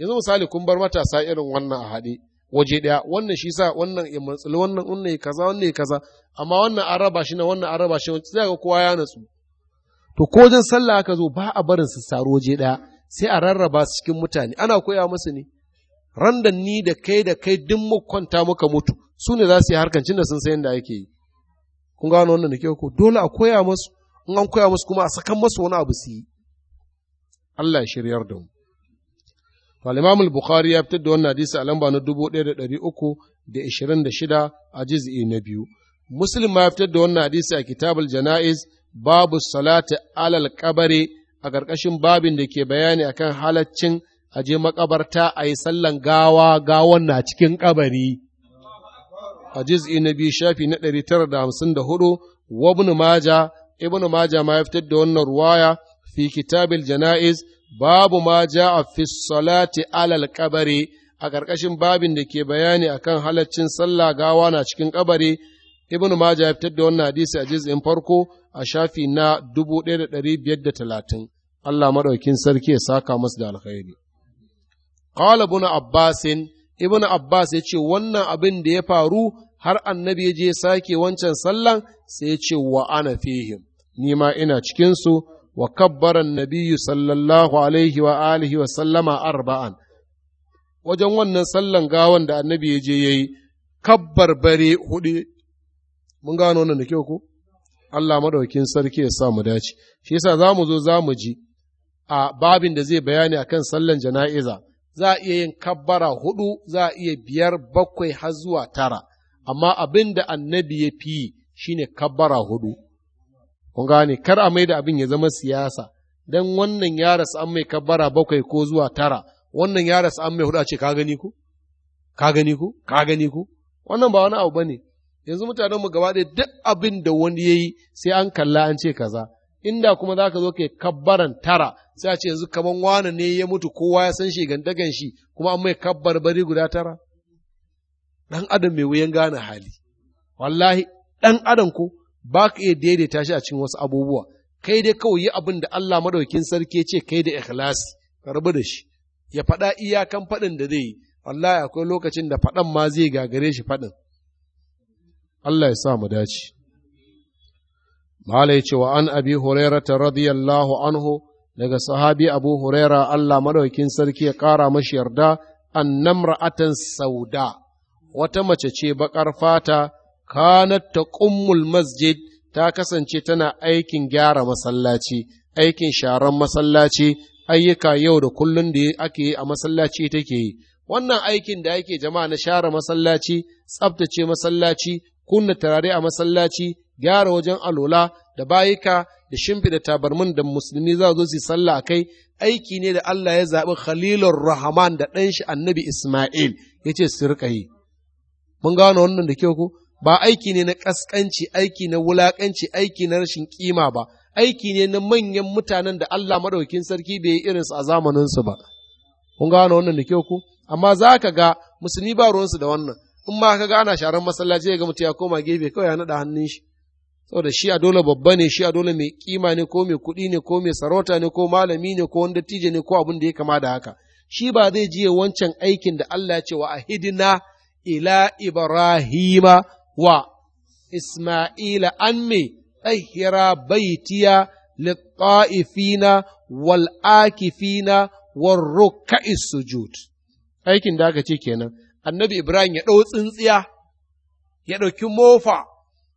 Yanzu misali kun bar matasa irin wannan a haɗe waje ɗaya wannan shi sa wannan ya matsali wannan wannan ya kaza wannan ya kaza amma wannan an raba shi na wannan an raba shi wancan sai ga kowa ya natsu to ko wajen sallah aka zo ba a barin su saro je ɗaya sai a rarraba su cikin mutane ana koya musu ne randan ni da kai da kai duk mu kwanta muka mutu su ne za su yi cin da sun san yadda ake yi kun gano wannan da kyau ko dole a koya musu in an koya musu kuma a sakan musu wani abu su yi Allah ya shiryar da mu to al-Imam al-Bukhari ya fitar da wannan hadisi a lamba na 1326 a juz'i na biyu Muslim ma ya fitar da wannan hadisi a Kitabul Janaiz babu salati alal kabari a ƙarƙashin babin da ke bayani akan halaccin a je makabarta a yi sallan gawa gawan na cikin kabari a jiz'i na biyu shafi na ɗari tara da hamsin da hudu wa maja ibnu maja ma ya fitar da wannan ruwaya fi kitabil jana'iz babu Maja a fi salati alal kabari a ƙarƙashin babin da ke bayani akan halaccin sallah gawa na cikin kabari ibnu maja ya fitar da wannan hadisi a jiz'in farko a shafi na 1530 Allah maɗaukin sarki ya saka masu da alkhairi. Qala ibn Abbasin Ibn Abbas ya ce wannan abin da ya faru har annabi ya je sake wancan sallan sai ya ce wa ana fihim ni ma ina cikinsu wa kabbaran nabiyyu sallallahu alaihi wa alihi wa sallama arba'an wajen wannan sallan gawan da annabi ya je yayi kabbar bare hudu mun gano wannan da kyau ko Allah maɗaukin sarki ya sa mu dace shi yasa za mu zo za mu ji a babin da zai bayani akan sallan jana'iza za a iya yin kabbara hudu za a iya biyar bakwai har zuwa tara amma abin da annabi ya fi shine kabbara hudu kun gane kar a mai da abin ya zama siyasa dan wannan ya rasu an mai kabbara bakwai ko zuwa tara wannan ya rasu an mai hudu a ce ka gani ku ka gani ku ka gani ku wannan ba wani abu bane yanzu mutanen mu gaba ɗaya duk abin da wani ya yi sai an kalla an ce kaza inda kuma za ka zo kai kabbaran tara sai a ce yanzu kaman wani ne ya mutu kowa ya san shi gandagan shi kuma an mai kabbar bari guda tara ɗan adam mai wuyan gane hali wallahi ɗan adam ko ba ka iya daidaita shi a cikin wasu abubuwa kai dai kawai yi abin da Allah madaukin sarki ce kai da ikhlasi rabu da shi ya faɗa iyakan faɗin da zai yi wallahi akwai lokacin da faɗan ma zai gagare shi faɗin Allah ya sa mu dace Malai cewa an abi hurairata radiyallahu anhu daga sahabi abu huraira Allah madaukin sarki ya ƙara mashi yarda annan ra'atan sauda wata mace ce baƙar fata kanat ta ƙummul masjid ta kasance tana aikin gyara masallaci aikin sharan masallaci ayyuka yau da kullum da ake yi a masallaci take yi wannan aikin da ake jama'a na share masallaci tsabtace masallaci kunna turare a masallaci gyara wajen alola da bayika da shimfiɗa tabarmin da musulmi za zo su sallah kai aiki ne da Allah ya zaɓi Khalilur Rahman da ɗan shi Annabi Ismail ya ce su rika yi mun gano wannan da kyau ko ba aiki ne na ƙasƙanci aiki na wulaƙanci aiki na rashin ƙima ba aiki ne na manyan mutanen da Allah madaukin sarki bai yi irinsu a zamaninsu ba Mun gano wannan da kyau ko amma za ka ga musulmi ba ruwansu da wannan in ma ga ana sharan masallaci ga mutum ya koma gefe kawai ya naɗa hannun shi saboda shi a dole babba ne shi a dole mai kima ne ko mai kuɗi ne ko mai sarauta ne ko malami ne ko wanda tije ne ko abin da ya kama da haka shi ba zai jiye wancan aikin da Allah ya ce wa ahidina ila ibrahima wa isma'ila an me tsahira baitiya litta'ifina wal akifina sujud aikin da aka ce kenan annabi Ibrahim ya ɗau tsintsiya, ya ɗauki mofa,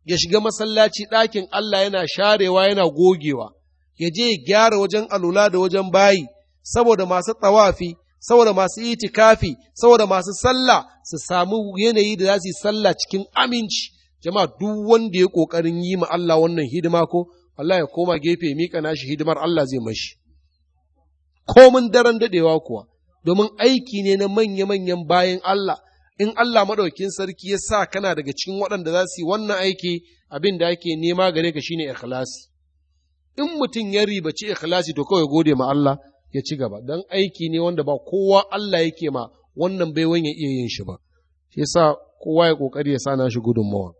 ya shiga masallaci ɗakin Allah yana sharewa yana gogewa, ya je ya gyara wajen alula da wajen bayi, saboda masu tsawafi, saboda masu itikafi, saboda masu sallah su sami yanayi da za su yi sallah cikin aminci. Jama'a duk wanda ya ƙoƙarin yi ma Allah wannan hidima ko, Allah ya koma gefe mika nashi hidimar Allah zai mashi. Komin daren daɗewa kuwa, domin aiki ne na manya-manyan bayan Allah, in Allah maɗaukin sarki ya sa kana daga cikin waɗanda za su yi wannan aiki abin da ake nema gare ka shine ikhlasi. In mutum ya ribaci ikhlasi to kawai gode ma Allah ya ci gaba, don aiki ne wanda ba kowa Allah yake ma wannan bai ya iya yin shi ba. Shi sa kowa ya ƙoƙari ya sa na shi gudunmawa.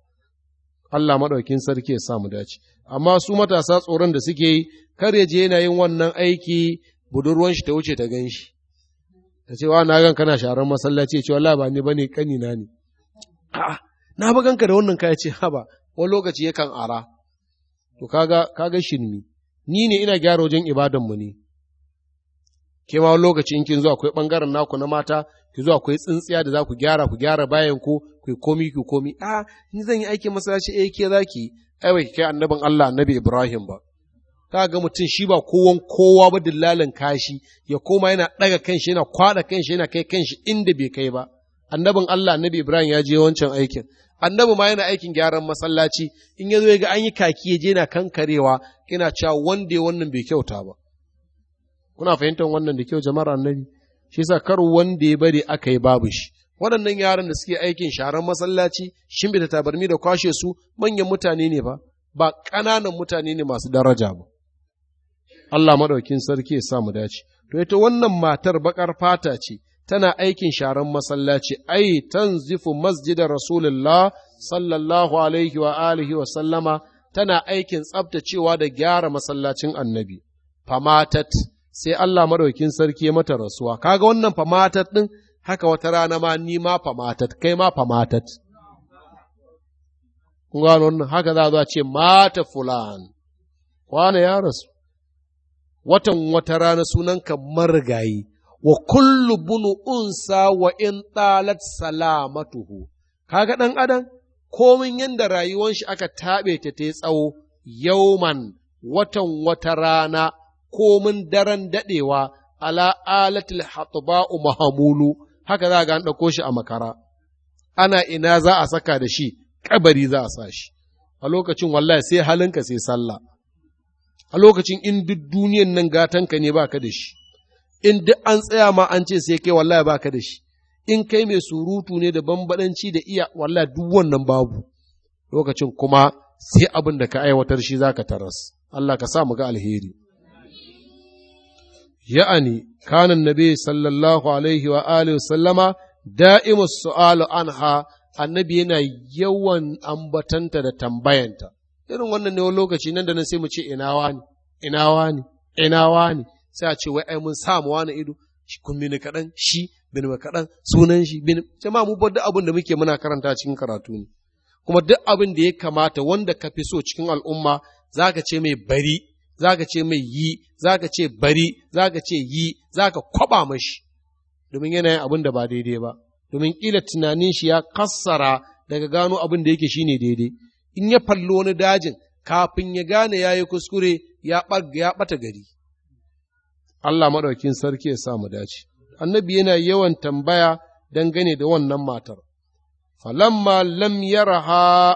Allah maɗaukin sarki ya sa mu dace. Amma su matasa tsoron da suke yi, kar ya je yana yin wannan aiki budurwan shi ta wuce ta gan shi. ta ce wa na gan kana sharar masallaci ya ce wallahi ba ni bane kani na ne a'a na ba ganka da wannan kaya ce haba wani lokaci yakan ara to kaga kaga shirmi ni ne ina gyara wajen ibadan mu ne ke ma wani lokaci in kin zo akwai bangaren naku na mata ki zo akwai tsintsiya da za ku gyara ku gyara bayan ku ku komi ku komi a ni zan yi aikin masallaci eh ke zaki ai bai kai annabin Allah annabi Ibrahim ba ka ga mutum shi ba kowan kowa ba dillalin kashi ya koma yana ɗaga kanshi yana kwaɗa kanshi yana kai kanshi inda bai kai ba annabin Allah annabi Ibrahim ya je wancan aikin annabi ma yana aikin gyaran masallaci in ya zo ya ga an yi kaki ya je yana kankarewa yana cewa wanda ya wannan bai kyauta ba kuna fahimtar wannan da kyau jama'ar annabi shi yasa kar wanda ya bari aka yi babu shi waɗannan yaran da suke aikin sharan masallaci shimbi da tabarmi da kwashe su manyan mutane ne ba ba ƙananan mutane ne masu daraja ba Allah maɗaukin sarki ya samu dace. To, ita wannan matar baƙar fata ce, tana aikin sharan masallaci, ai, zifu masjidar Rasulullah sallallahu alaihi wa alihi wa sallama, tana aikin tsabtacewa da gyara masallacin annabi. Famatat, sai Allah maɗaukin sarki ya mata rasuwa, kaga wannan famatat ɗin, haka wata rana ma ni ma famatat, kai ma famatat. Kun gano wannan, haka za a ce mata fulan, kwana ya rasu. watan wata rana sunanka marigayi wa kullu bunu unsa wa in ɗalat salamatuhu kaga ɗan adam komin yadda rayuwar shi aka taɓe ta ta tsawo yauman watan wata rana komin daren daɗewa ala alatil hatba'u mahamulu haka za ga an ɗauko shi a makara ana ina za a saka da shi ƙabari za a sa shi a lokacin wallahi sai halinka sai sallah a lokacin in duk duniyan nan gatanka ne ba ka da shi in duk an tsaya ma an ce sai kai wallahi ba ka da shi in kai mai surutu ne da bambadanci da iya wallahi duk wannan babu lokacin kuma sai abin da ka aiwatar shi zaka taras Allah ka sa mu ga alheri ya'ani kana annabi sallallahu alaihi wa alihi wa sallama da'imus su'alu anha annabi yana yawan ambatanta da tambayanta irin wannan ne wani lokaci nan da nan sai mu ce ina wani ina wani ina wani sai a ce wai ai mun sa wani ido shi kun mini kaɗan shi bin kaɗan sunan shi bin jama'a mu bar duk abin da muke muna karanta cikin karatu ne kuma duk abin da ya kamata wanda ka fi so cikin al'umma zaka ce mai bari zaka ce mai yi zaka ce bari zaka ce yi zaka kwaba mashi domin yana yin abin da ba daidai ba domin kila tunanin shi ya kassara daga gano abin da yake shine daidai in ya falli wani dajin kafin ya gane ya yi kuskure ya ɓata gari. Allah maɗaukin sarki ya sa mu dace. Annabi yana yawan tambaya dangane da wannan matar. Falamma lam yaraha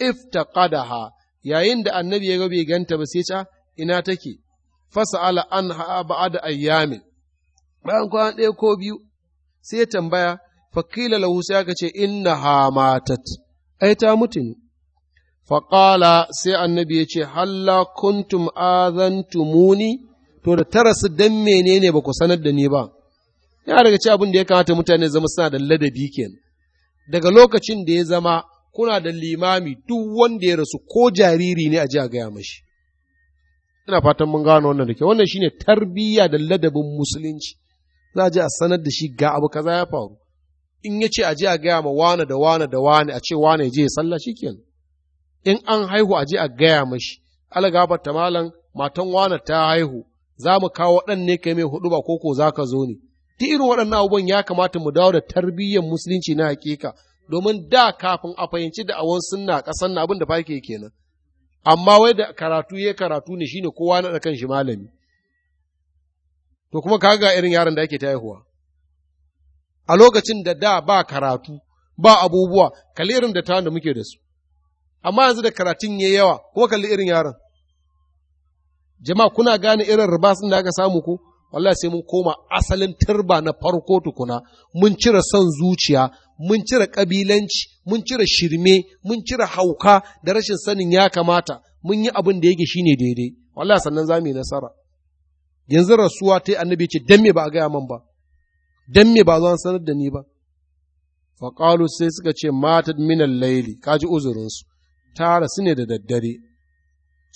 iftaqadaha yayin da annabi ya ga bai ganta ba sai ta ah, ina take fasa'ala an ba'da ayyamin bayan kwana ɗaya ko biyu sai tambaya fakila lahu sai aka ce innaha matat ai ta mutu ne faƙala sai annabi ya ce, Halla kuntum azantumuni, to da ta rasu dan menene ba ku sanar da ni ba, yana daga ci abin da ya kamata mutane zama suna da ladabi kenan. Daga lokacin da ya zama kuna da limami duk wanda ya rasu ko jariri ne a ji a gaya mashi. Ina fatan mun gano wannan da ke wannan shine tarbiyya da ladabin musulunci. Za a ji a sanar da shi ga abu kaza ya faru. In ya ce a ji a gaya ma wane da wane da wane a ce wane ya je sallah shi kenan. in an haihu a je a gaya mashi algaba ta malam matan wana ta haihu za mu kawo waɗanne ne kai mai hudu ba koko za ka zo ne duk irin waɗannan abubuwan ya kamata mu dawo da tarbiyyar musulunci na hakika domin da kafin a fahimci da awon sunna ƙasan na abin da fake kenan amma wai da karatu ya karatu ne shine kowa na da kan malami to kuma ka ga irin yaran da ake ta haihuwa a lokacin da da ba karatu ba abubuwa kalirin da ta da muke da su amma yanzu da karatun ya yawa kuma kalli irin yaron jama'a kuna gane irin ribas da aka samu ku wallahi sai mun koma asalin turba na farko tukuna mun cire son zuciya mun cire kabilanci mun cire shirme mun cire hauka da rashin sanin ya kamata mun yi abin da yake shine daidai wallahi sannan za mu yi nasara yanzu rasuwa ta annabi ce dan me ba a gaya man ba dan me ba zan sanar da ni ba faqalu sai suka ce matad min al-layli kaji uzurinsu tara su ne da daddare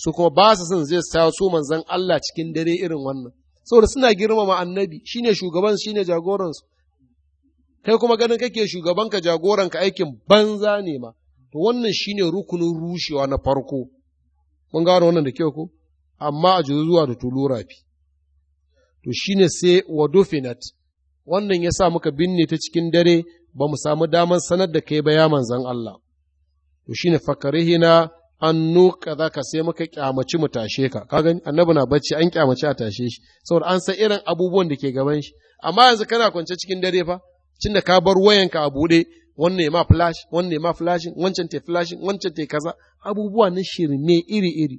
su kuma ba su son zai sa su manzan Allah cikin dare irin wannan saboda suna girmama annabi ne shugaban shi ne jagoransu kai kuma ganin kake shugabanka jagoranka aikin banza ne ma to wannan shi ne rukunin rushewa na farko mun gano wannan da kyau ko amma a zuwa da tulurafi to shi ne sai wadufinat wannan ya sa muka binne ta cikin dare ba mu samu damar sanar da kai ba ya manzan Allah to shine fakarihina an nuka za ka sai muka kyamaci mu tashe ka ka gani annabi na bacci an kyamaci a tashe shi saboda an san irin abubuwan da ke gaban shi amma yanzu kana kwance cikin dare fa cinda ka bar wayanka a bude wannan ma flash wannan ma flashing wancan te flashing wancan te kaza abubuwa na shirme iri iri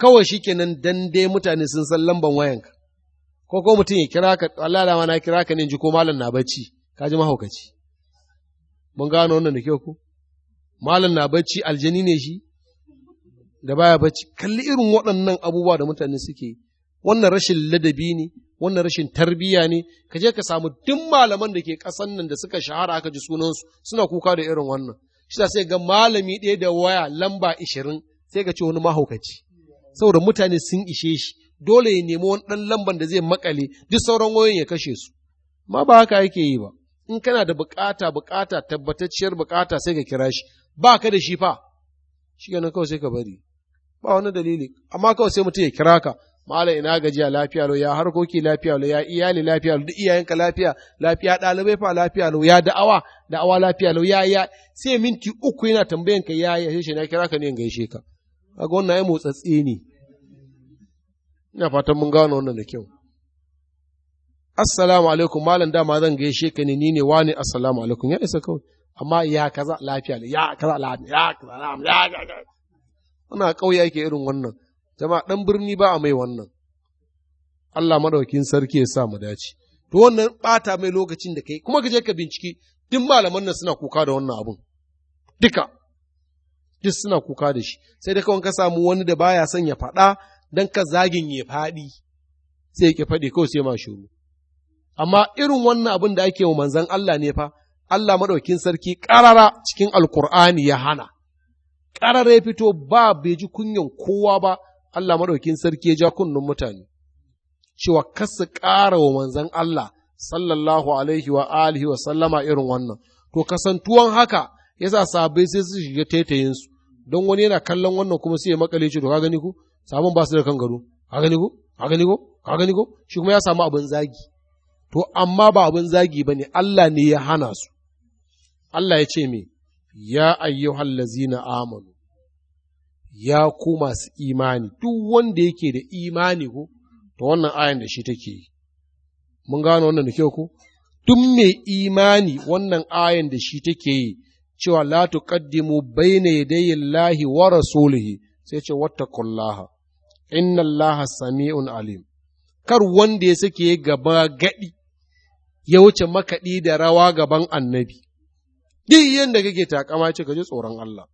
kawai shikenan dan dai mutane sun san lamban wayanka ko ko mutum ya kira ka Allah da ma na kira ka ne ji ko malam na bacci ka ji mahaukaci Mun gano wannan da kyau ku? Malam na bacci aljani ne shi? Da baya bacci, kalli irin waɗannan abubuwa da mutane suke yi. Wannan rashin ladabi ne, wannan rashin tarbiyya ne, ka je ka samu duk malaman da ke ƙasan nan da suka shahara aka ji sunansu suna kuka da irin wannan. Shi sai ga malami ɗaya da waya lamba ishirin sai ka ce wani mahaukaci. Saboda mutane sun ishe shi, dole ya nemi wani ɗan lamban da zai makale duk sauran wayoyin ya kashe su. Ma ba haka yake yi ba. in kana da bukata bukata tabbatacciyar bukata sai ka kira shi ba ka da shi fa shi ganin kawai sai ka bari ba wani dalili amma kawai sai mutum ya kira ka malam ina gajiya lafiya lo ya harkoki lafiya lo ya iyali lafiya lo duk iyayenka lafiya lafiya ɗalibai fa lafiya lo ya da'awa da'awa lafiya lo ya ya sai minti uku yana tambayan ka ya ya shi na kira ka ne in gaishe ka kaga wannan ai motsatsi ne ina fatan mun gano wannan da kyau assalamu alaikum malam dama zan gaishe ka ne ni ne wani assalamu alaikum ya isa kawai amma ya kaza lafiya ne ya kaza lafiya ya kaza lafiya ya kaza ana kauye yake irin wannan jama'a dan birni ba a mai wannan Allah madaukin sarki ya sa mu dace to wannan bata mai lokacin da kai kuma ka je ka binciki duk malaman nan suna kuka da wannan abun duka duk suna kuka da shi sai da kawai ka samu wani da baya son ya faɗa dan ka zagin ya faɗi sai ya ki faɗi kawai sai ma shuru amma irin wannan abin da ake wa manzan Allah ne fa, Allah maɗaukin sarki ƙarara cikin Alƙur'ani ya hana, ƙarara ya fito ba bai ji kunyan kowa ba, Allah maɗaukin sarki ya ja kunnen mutane, cewa kasu ƙara wa manzan Allah sallallahu alaihi wa alihi wa sallama irin wannan, to kasantuwan haka yasa sabai sai su shiga taitayinsu, don wani yana kallon wannan kuma sai ya makale ce to ka gani ku, sabon ba su da kan gado, ka gani ku, ka gani ku, ka gani ku, shi kuma ya samu abin zagi. to amma ba abin zagi ba ne Allah ne ya hana su Allah ya ce me ya hallazi na amanu ya ku masu imani duk wanda yake da imani ko to wannan ayan da shi take yi mun gano wannan da kyau ko duk mai imani wannan ayan da shi take yi cewa la tuqaddimu baina yadayi llahi wa rasulihi sai ce wattaqullaha inna Laha sami'un alim kar wanda ya sake gaba gadi ya wuce makaɗi da rawa gaban annabi duk yadda kake takama ce ka ji tsoron Allah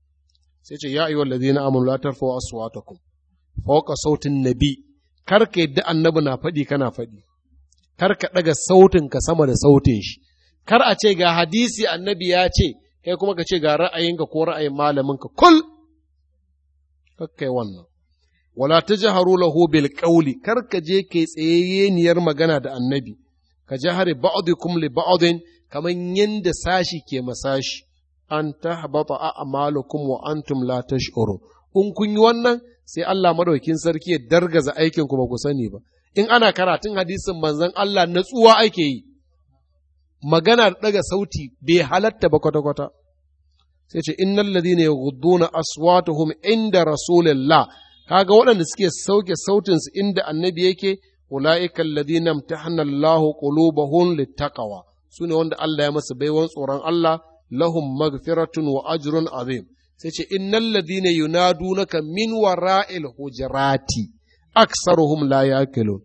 sai ce ya amurla ladina amanu la tarfa'u kun, fauka sautin nabi kar ka yadda annabi na faɗi kana faɗi kar ka ɗaga sautin ka sama da sautin shi kar a ce ga hadisi annabi ya ce kai kuma ka ce ga ra'ayinka ko ra'ayin malamin ka kul kakkai wannan wala ta lahu bil kar ka je kai tsayayeniyar magana da annabi ka jahari ba'dikum li kaman yadda sashi ke masashi an tahbata kuma wa antum latash oro. in kun yi wannan sai Allah madaukin sarki ya dargaza aikin kuma ba ku sani ba in ana karatun hadisin manzon Allah natsuwa ake yi magana ɗaga sauti bai halatta ba kwata-kwata sai ce innal ladina na aswatuhum inda rasulillah kaga waɗanda suke sauke sautinsu inda annabi yake ula'ika alladhina imtahana Allahu qulubahum littaqwa sune wanda Allah ya masa baiwan tsoron Allah lahum magfiratun wa ajrun azim sai ce innal ladhina yunadunaka min wara'il hujurati aksaruhum la yaqilun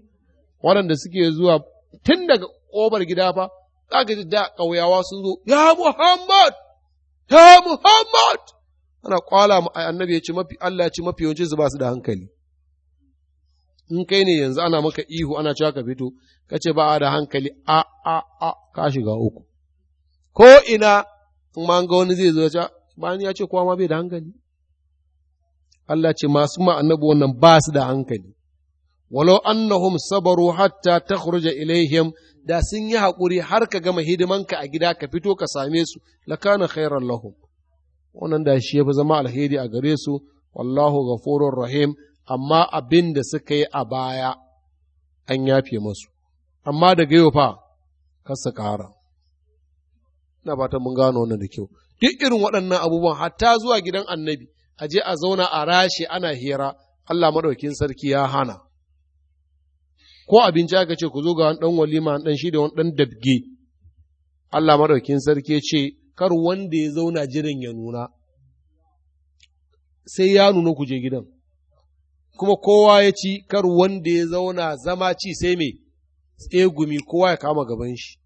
waɗanda suke zuwa tun daga ƙobar gida fa za ka ji da ƙauyawa sun zo ya Muhammad ya Muhammad ana kwala mu annabi ya ce mafi Allah ya ce mafi yawanci su ba su da hankali in kai ne yanzu ana maka ihu ana cewa ka fito ka ce ba a da hankali a a a ka shiga uku ko ina in ma ga wani zai zo ya bayan ya ce kowa ma bai da hankali Allah ce masu ma annabi wannan ba su da hankali walau annahum sabaru hatta takhruja ilaihim da sun yi hakuri har ka gama hidimanka a gida ka fito ka same su lakana khairan lahum wannan da shi ya fi zama alheri a gare su wallahu ghafurur rahim amma abin da suka yi a baya an yafe masu, amma daga yau fa kasa kara na fata mun gano wannan da kyau. Duk irin waɗannan abubuwan hatta zuwa gidan annabi, a je a zauna a rashi ana hira, Allah maɗaukin sarki ya hana. Ko abinci aka ce ku zo ga wani ɗan walima, ɗan shi da wani ɗan dabge. Allah maɗaukin sarki ya ce, kar wanda ya zauna jiran ya nuna, sai ya nuna ku je gidan. kuma kowa ya ci kar wanda ya zauna zama ci sai mai tsegumi kowa ya kama gaban shi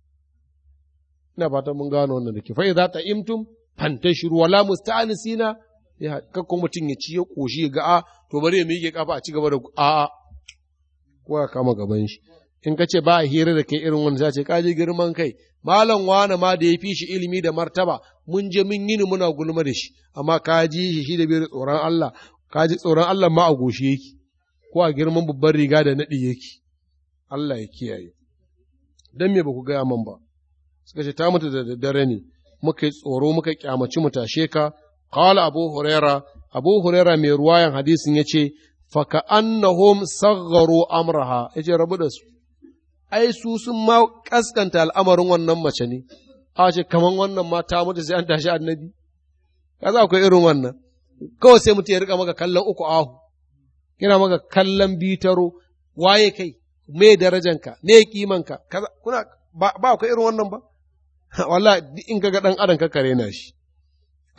ina fatan mun gano wannan da ke fa ta imtum fantashiru wala musta'anisina ya kakko mutum ya ci ya koshi ga a ah, to bari ya miƙe kafa a ci gaba da a kowa ya kama gaban shi in ka ce ba a hira da kai irin wanda ce kaji girman kai malam wani ma da ya fi shi ilimi da martaba mun je mun yini muna gulma da shi amma ka ji shi shi da biyar tsoron Allah ka ji tsoron Allah ma a goshi yake, ko a girman babban riga da naɗi yake, Allah ya kiyaye. Don me ba ku gaya man ba, suka ce ta mutu da daddare ne, muka yi tsoro muka kyamaci mu tashe ka, kawala Abu Huraira, Abu Huraira mai ruwayan hadisin ya ce, faka annahum saggaru amraha, ya ce rabu da su, ai su sun ma kaskanta al'amarin wannan mace ne, a ce kaman wannan ma ta mutu sai an tashi annabi, za ku irin wannan. kawai sai mutum ya rika maka kallon uku ahu yana maka kallon bitaro waye kai me darajanka me kimanka kuna ba ba irin wannan ba Wala in kaga dan adam ka kare na shi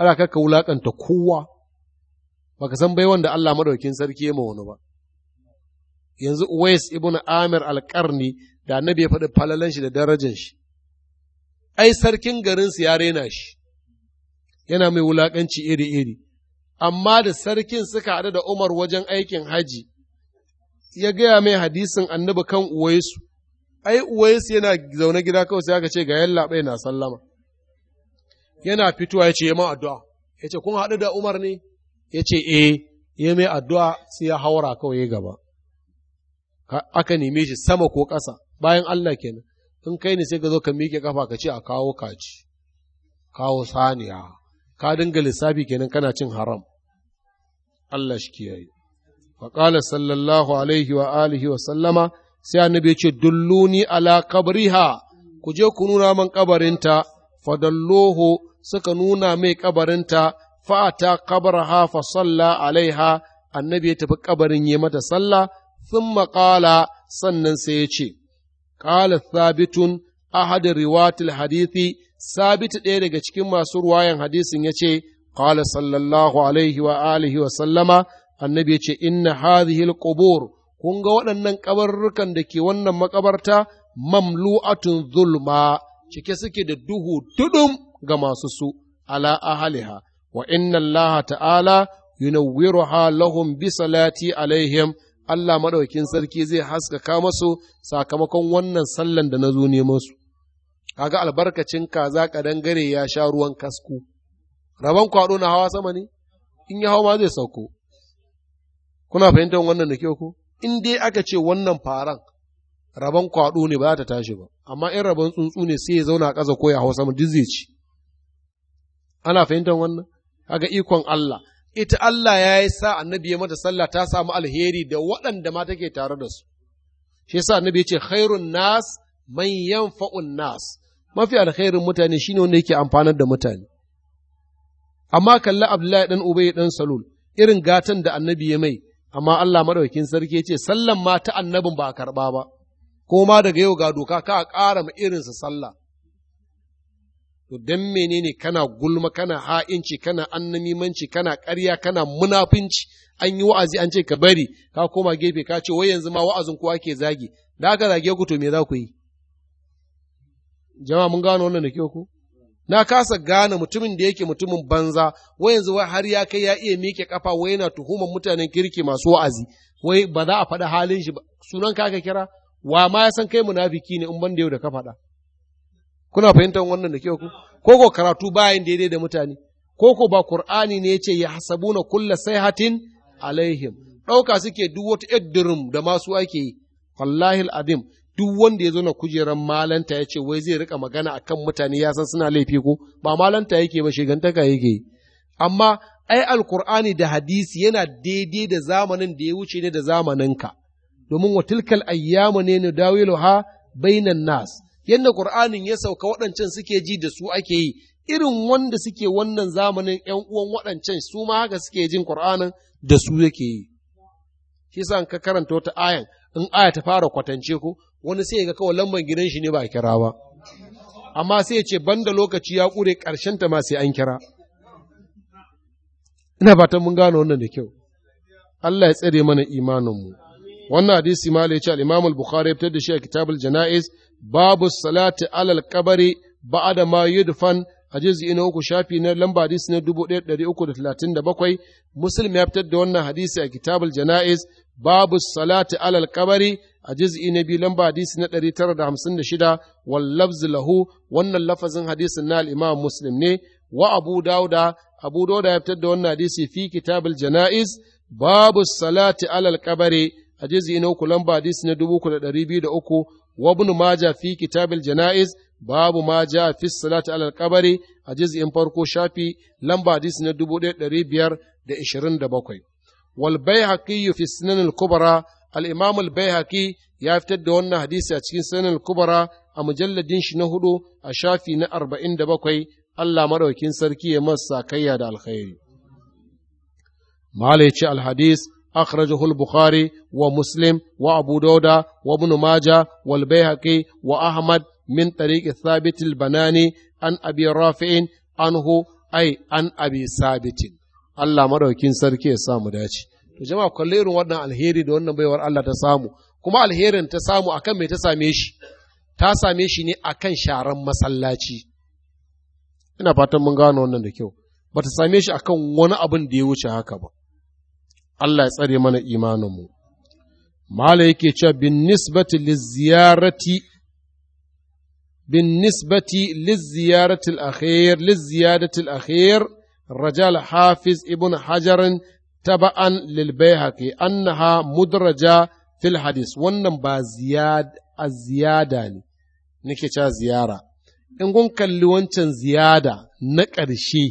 ana ka wulaƙanta kowa ka san bai wanda Allah madaukin sarki ya ma wani ba yanzu Uwais ibn Amir al da annabi ya faɗi falalan shi da darajan shi ai sarkin garinsu ya rena shi yana mai wulaƙanci iri-iri amma da sarkin suka haɗu da Umar wajen aikin haji, ya gaya mai hadisin annabi kan Uwaisu, ai Uwaisu yana zaune gida kawai sai aka ce ga yalla bai na sallama. Yana fitowa ya ce ya addu'a, ya ce kun haɗu da Umar ne? Ya ce eh, ya mai addu'a sai ya haura kawai ya gaba. Aka neme shi sama ko ƙasa, bayan Allah kenan. In kai ne sai ka zo ka miƙe kafa ka ce a kawo kaji, kawo saniya, ka dinga lissafi kenan kana cin haram. Allah shi kiyaye fa qala sallallahu alaihi wa alihi wa sallama sai annabi ya ce dulluni ala kabriha ku je ku nuna man kabarinta fadalloho suka nuna mai kabarinta ta kabarha fa salla alaiha annabi ya tafi kabarin ya mata sallah sun maƙala sannan sai ya ce, ƙala sabitun ahad riwatil hadithi, sabit ɗaya daga cikin masu ruwayan hadisin ya ce, قال صلى الله عليه وسلم النبي annabi yace inna القبور alqubur waɗannan kabarrukan da ke wannan makabarta mamlu'atun zulma cike suke da duhu tudum ga masu su ala ahliha wa inna allaha ta'ala yunawwiruha lahum bi salati alaihim Allah maɗaukin sarki zai haskaka masu sakamakon wannan sallan da na zo ne masu. Kaga albarkacin kaza ka dangare ya sha ruwan kasku. Raban kwaɗo na hawa sama ne? In ya hau ma zai sauko. Kuna fahimtar wannan da kyau ku? In dai aka ce wannan faran raban kwaɗo ne ba za ta tashi ba, amma in raban tsuntsu ne sai ya zauna a ƙasa ko ya hau sama duk zai ci. Ana fahimtar wannan? Kaga ikon Allah. Ita Allah ya yi sa annabi ya mata sallah ta samu alheri da waɗanda ma take tare da su. Shi yasa annabi ya ce khairun nas man yanfa'un nas. Mafi alherin mutane shine wanda yake amfanar da mutane. amma kalli Abdullahi ɗan Ubay ɗan Salul irin gatan da annabi ya mai amma Allah maɗaukin sarki ya ce sallan ma ta annabin ba a karɓa ba ko ma daga yau ga doka ka a ƙara ma irinsa sallah to don menene kana gulma kana ha'inci kana annamimanci kana ƙarya kana munafinci an yi wa'azi an ce ka bari ka koma gefe ka ce wai yanzu ma wa'azin kowa ke zagi da aka zage ku to me za ku yi jama'a mun gano wannan da kyau ku na kasa gane mutumin da yake mutumin banza wai yanzu har ya kai ya iya miƙe kafa wai yana tuhumar mutanen kirki masu wa'azi wai ba za a faɗa halin shi ba sunan ka ka kira wa ma ya san kai munafiki ne in ban da yau da ka faɗa kuna fahimtar wannan da ke ku ko ko karatu bayan daidai da mutane ko ko ba qur'ani ne yace ya hasabuna kulla sayhatin alaihim ɗauka suke duk wata iddirum da masu ake yi wallahi al'adim duk wanda ya zo na kujerar malanta ya ce wai zai rika magana akan mutane ya san suna laifi ko ba malanta yake ba shigantaka yake amma ai alkur'ani da hadisi yana daidai da zamanin da ya wuce ne da zamaninka domin wa tilkal ayyamu ne na ha bainan nas yadda qur'anin ya sauka waɗancan suke ji da su ake yi irin wanda suke wannan zamanin ‘yan uwan waɗancan su ma haka suke jin Ƙur'anin da su yake yi. Shi ka karanta wata ayan in aya ta fara kwatance ko wani sai ga kawai lamban gidan shi ne ba a kira ba amma sai ya ce banda lokaci ya kure ƙarshen ta ma sai an kira ina fatan mun gano wannan da kyau Allah ya tsare mana imaninmu wannan hadisi ma ya ce al-Imam al-Bukhari ya fitar da shi a kitabul janaiz babu salati alal qabri ba'da ma yudfan a juz'i na uku shafi na lamba hadisi na dubu ɗaya ɗari uku da talatin da bakwai muslim ya fitar da wannan hadisi a kitabul jana'iz babu salati alal kabari a juz'i na biyu lamba hadisi na ɗari tara da hamsin da shida wallafzi lahu wannan lafazin hadisin na al'imam muslim ne wa abu dauda abu dauda ya fitar da wannan hadisi fi kitabul jana'iz babu salati alal kabari a juz'i na uku lamba hadisi na dubu uku da ɗari biyu da uku wa ibnu maja fi kitabul jana'iz babu ma ja fi salati alal a juz'in farko shafi lamba hadisi na 1527 wal baihaqi fi sunan al kubra al imam al baihaqi ya fitar da wannan hadisi a cikin sunan al kubra a mujalladin shi na hudu a shafi na 47 Allah madaukin sarki ya masa kayya da alkhairi mala yace al hadis abu البخاري wa وأبو داود wal ماجة wa Ahmad. min tariqi sabitin bana ne an abi rafi'in anhu ai an abi sabitin Allah madaukin sarki ya samu dace to jama'a kalle irin wannan alheri da wannan baiwar Allah ta samu kuma alherin ta samu akan me ta same shi ta same shi ne akan sharan masallaci ina fatan mun gano wannan da kyau ba ta same shi akan wani abun da ya wuce haka ba Allah ya tsare mana imaninmu Mala yake cewa bin nisbati li ziyarati بالنسبة للزيارة الأخير للزيادة الأخير رجال حافظ ابن حجر تبعا للبيهقي أنها مدرجة في الحديث wannan ba ziyad ziyada ne nake cewa ziyara in kun kalli wancan ziyada na ƙarshe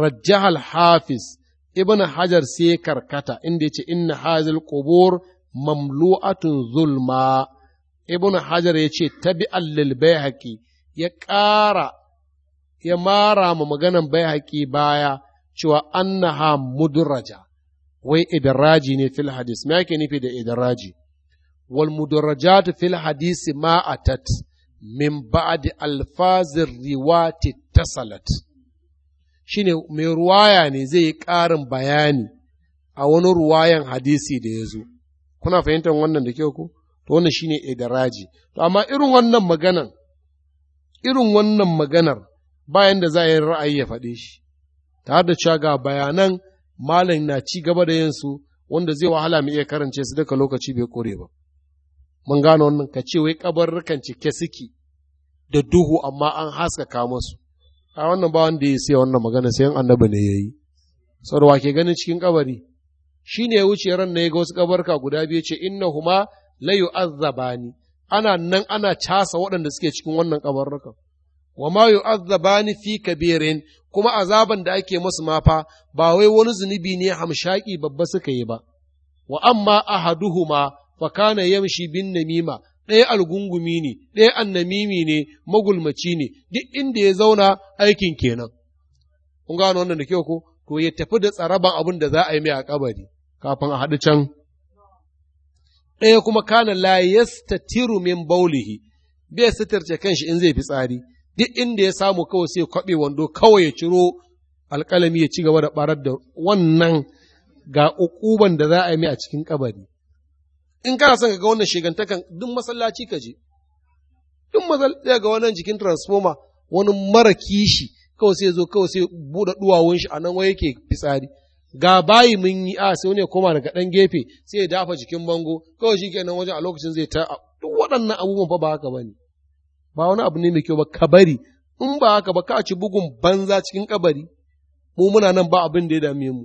rajahal hafiz ibn hajar sai karkata inda yace inna hazil mamlu'atun zulma ibn hajar ya ce tabi allil haƙi ya ƙara ya mara ma maganan haƙi baya cewa annaha mudraja wai idraji ne fil hadis me yake nufi da idraji wal mudrajat fil hadis ma atat min ba'd alfazir riwati tasalat shine mai ruwaya ne zai yi ƙarin bayani a wani ruwayan hadisi da ya zo kuna fahimtar wannan da kyau ku to wannan shine edaraji to amma irin wannan maganan irin wannan maganar bayan da za a yi ra'ayi ya faɗe shi ta da cewa ga bayanan malam na ci gaba da yin su wanda zai wahala mu iya karance su duka lokaci bai kore ba mun gano wannan ka ce wai kabarrukan cike suke da duhu amma an haskaka musu a wannan ba wanda ya sai wannan magana sai annabi ne yayi sarwa ke ganin cikin kabari shi ya wuce ran na ya ga wasu kabarka guda biyu ce innahuma layu azzabani ana nan ana casa waɗanda suke cikin wannan kabarrukan wa ma yu'azzabani fi kabirin kuma azaban da ake masu mafa ba wai wani zunubi ne hamshaki babba suka yi ba wa amma ahaduhuma fa kana yamshi bin namima ɗaya algungumi ne ɗaya annamimi ne magulmaci ne duk inda ya zauna aikin kenan kun gano wannan da kyau ko to ya tafi da tsaraban abin da za a yi mai a kabari kafin a haɗu can ɗaya kuma kana la yastatiru min baulihi bai sitirce kanshi in zai fitsari duk inda ya samu kawai sai kwaɓe wando kawai ya ciro alƙalami ya ci gaba da ɓarar da wannan ga ukuban da za a yi a cikin kabari in kana son ka ga wannan shigantakan duk masallaci ka je duk masallaci ga wannan jikin transformer wani mara kishi kawai sai zo kawai sai buɗe duwawun shi a nan wai yake fitsari ga bayi mun yi a sai wani ya koma daga ɗan gefe sai ya dafa jikin bango kawai shi ke nan wajen a lokacin zai ta duk waɗannan abubuwan fa ba haka ba ne ba wani abu ne mai kyau ba kabari in ba haka ba ka ci bugun banza cikin kabari mu muna nan ba abin da ya dame mu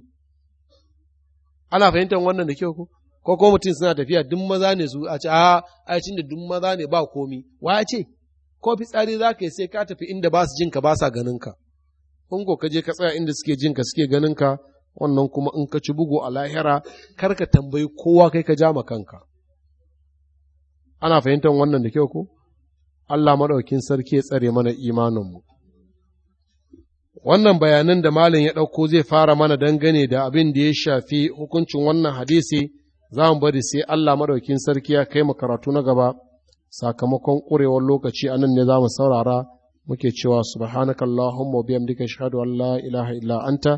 ana fahimtar wannan da kyau ko ko ko mutum suna tafiya duk maza ne su a ce a a cin da duk maza ne ba komi wa ce ko fitsari za ka yi sai ka tafi inda ba su jinka ba sa ganinka kun ko ka je ka tsaya inda suke jinka suke ganinka wannan kuma in ka ci bugu a lahira kar ka tambayi kowa kai ka ja ma kanka ana fahimtar wannan da kyau ko Allah maɗaukin sarki ya tsare mana imaninmu wannan bayanan da malin ya ɗauko zai fara mana dangane da abin da ya shafi hukuncin wannan hadisi za mu bari sai Allah maɗaukin sarki ya kai mu karatu na gaba sakamakon ƙurewar lokaci anan ne za mu saurara muke cewa subhanakallahumma wa bihamdika ashhadu an la ilaha illa anta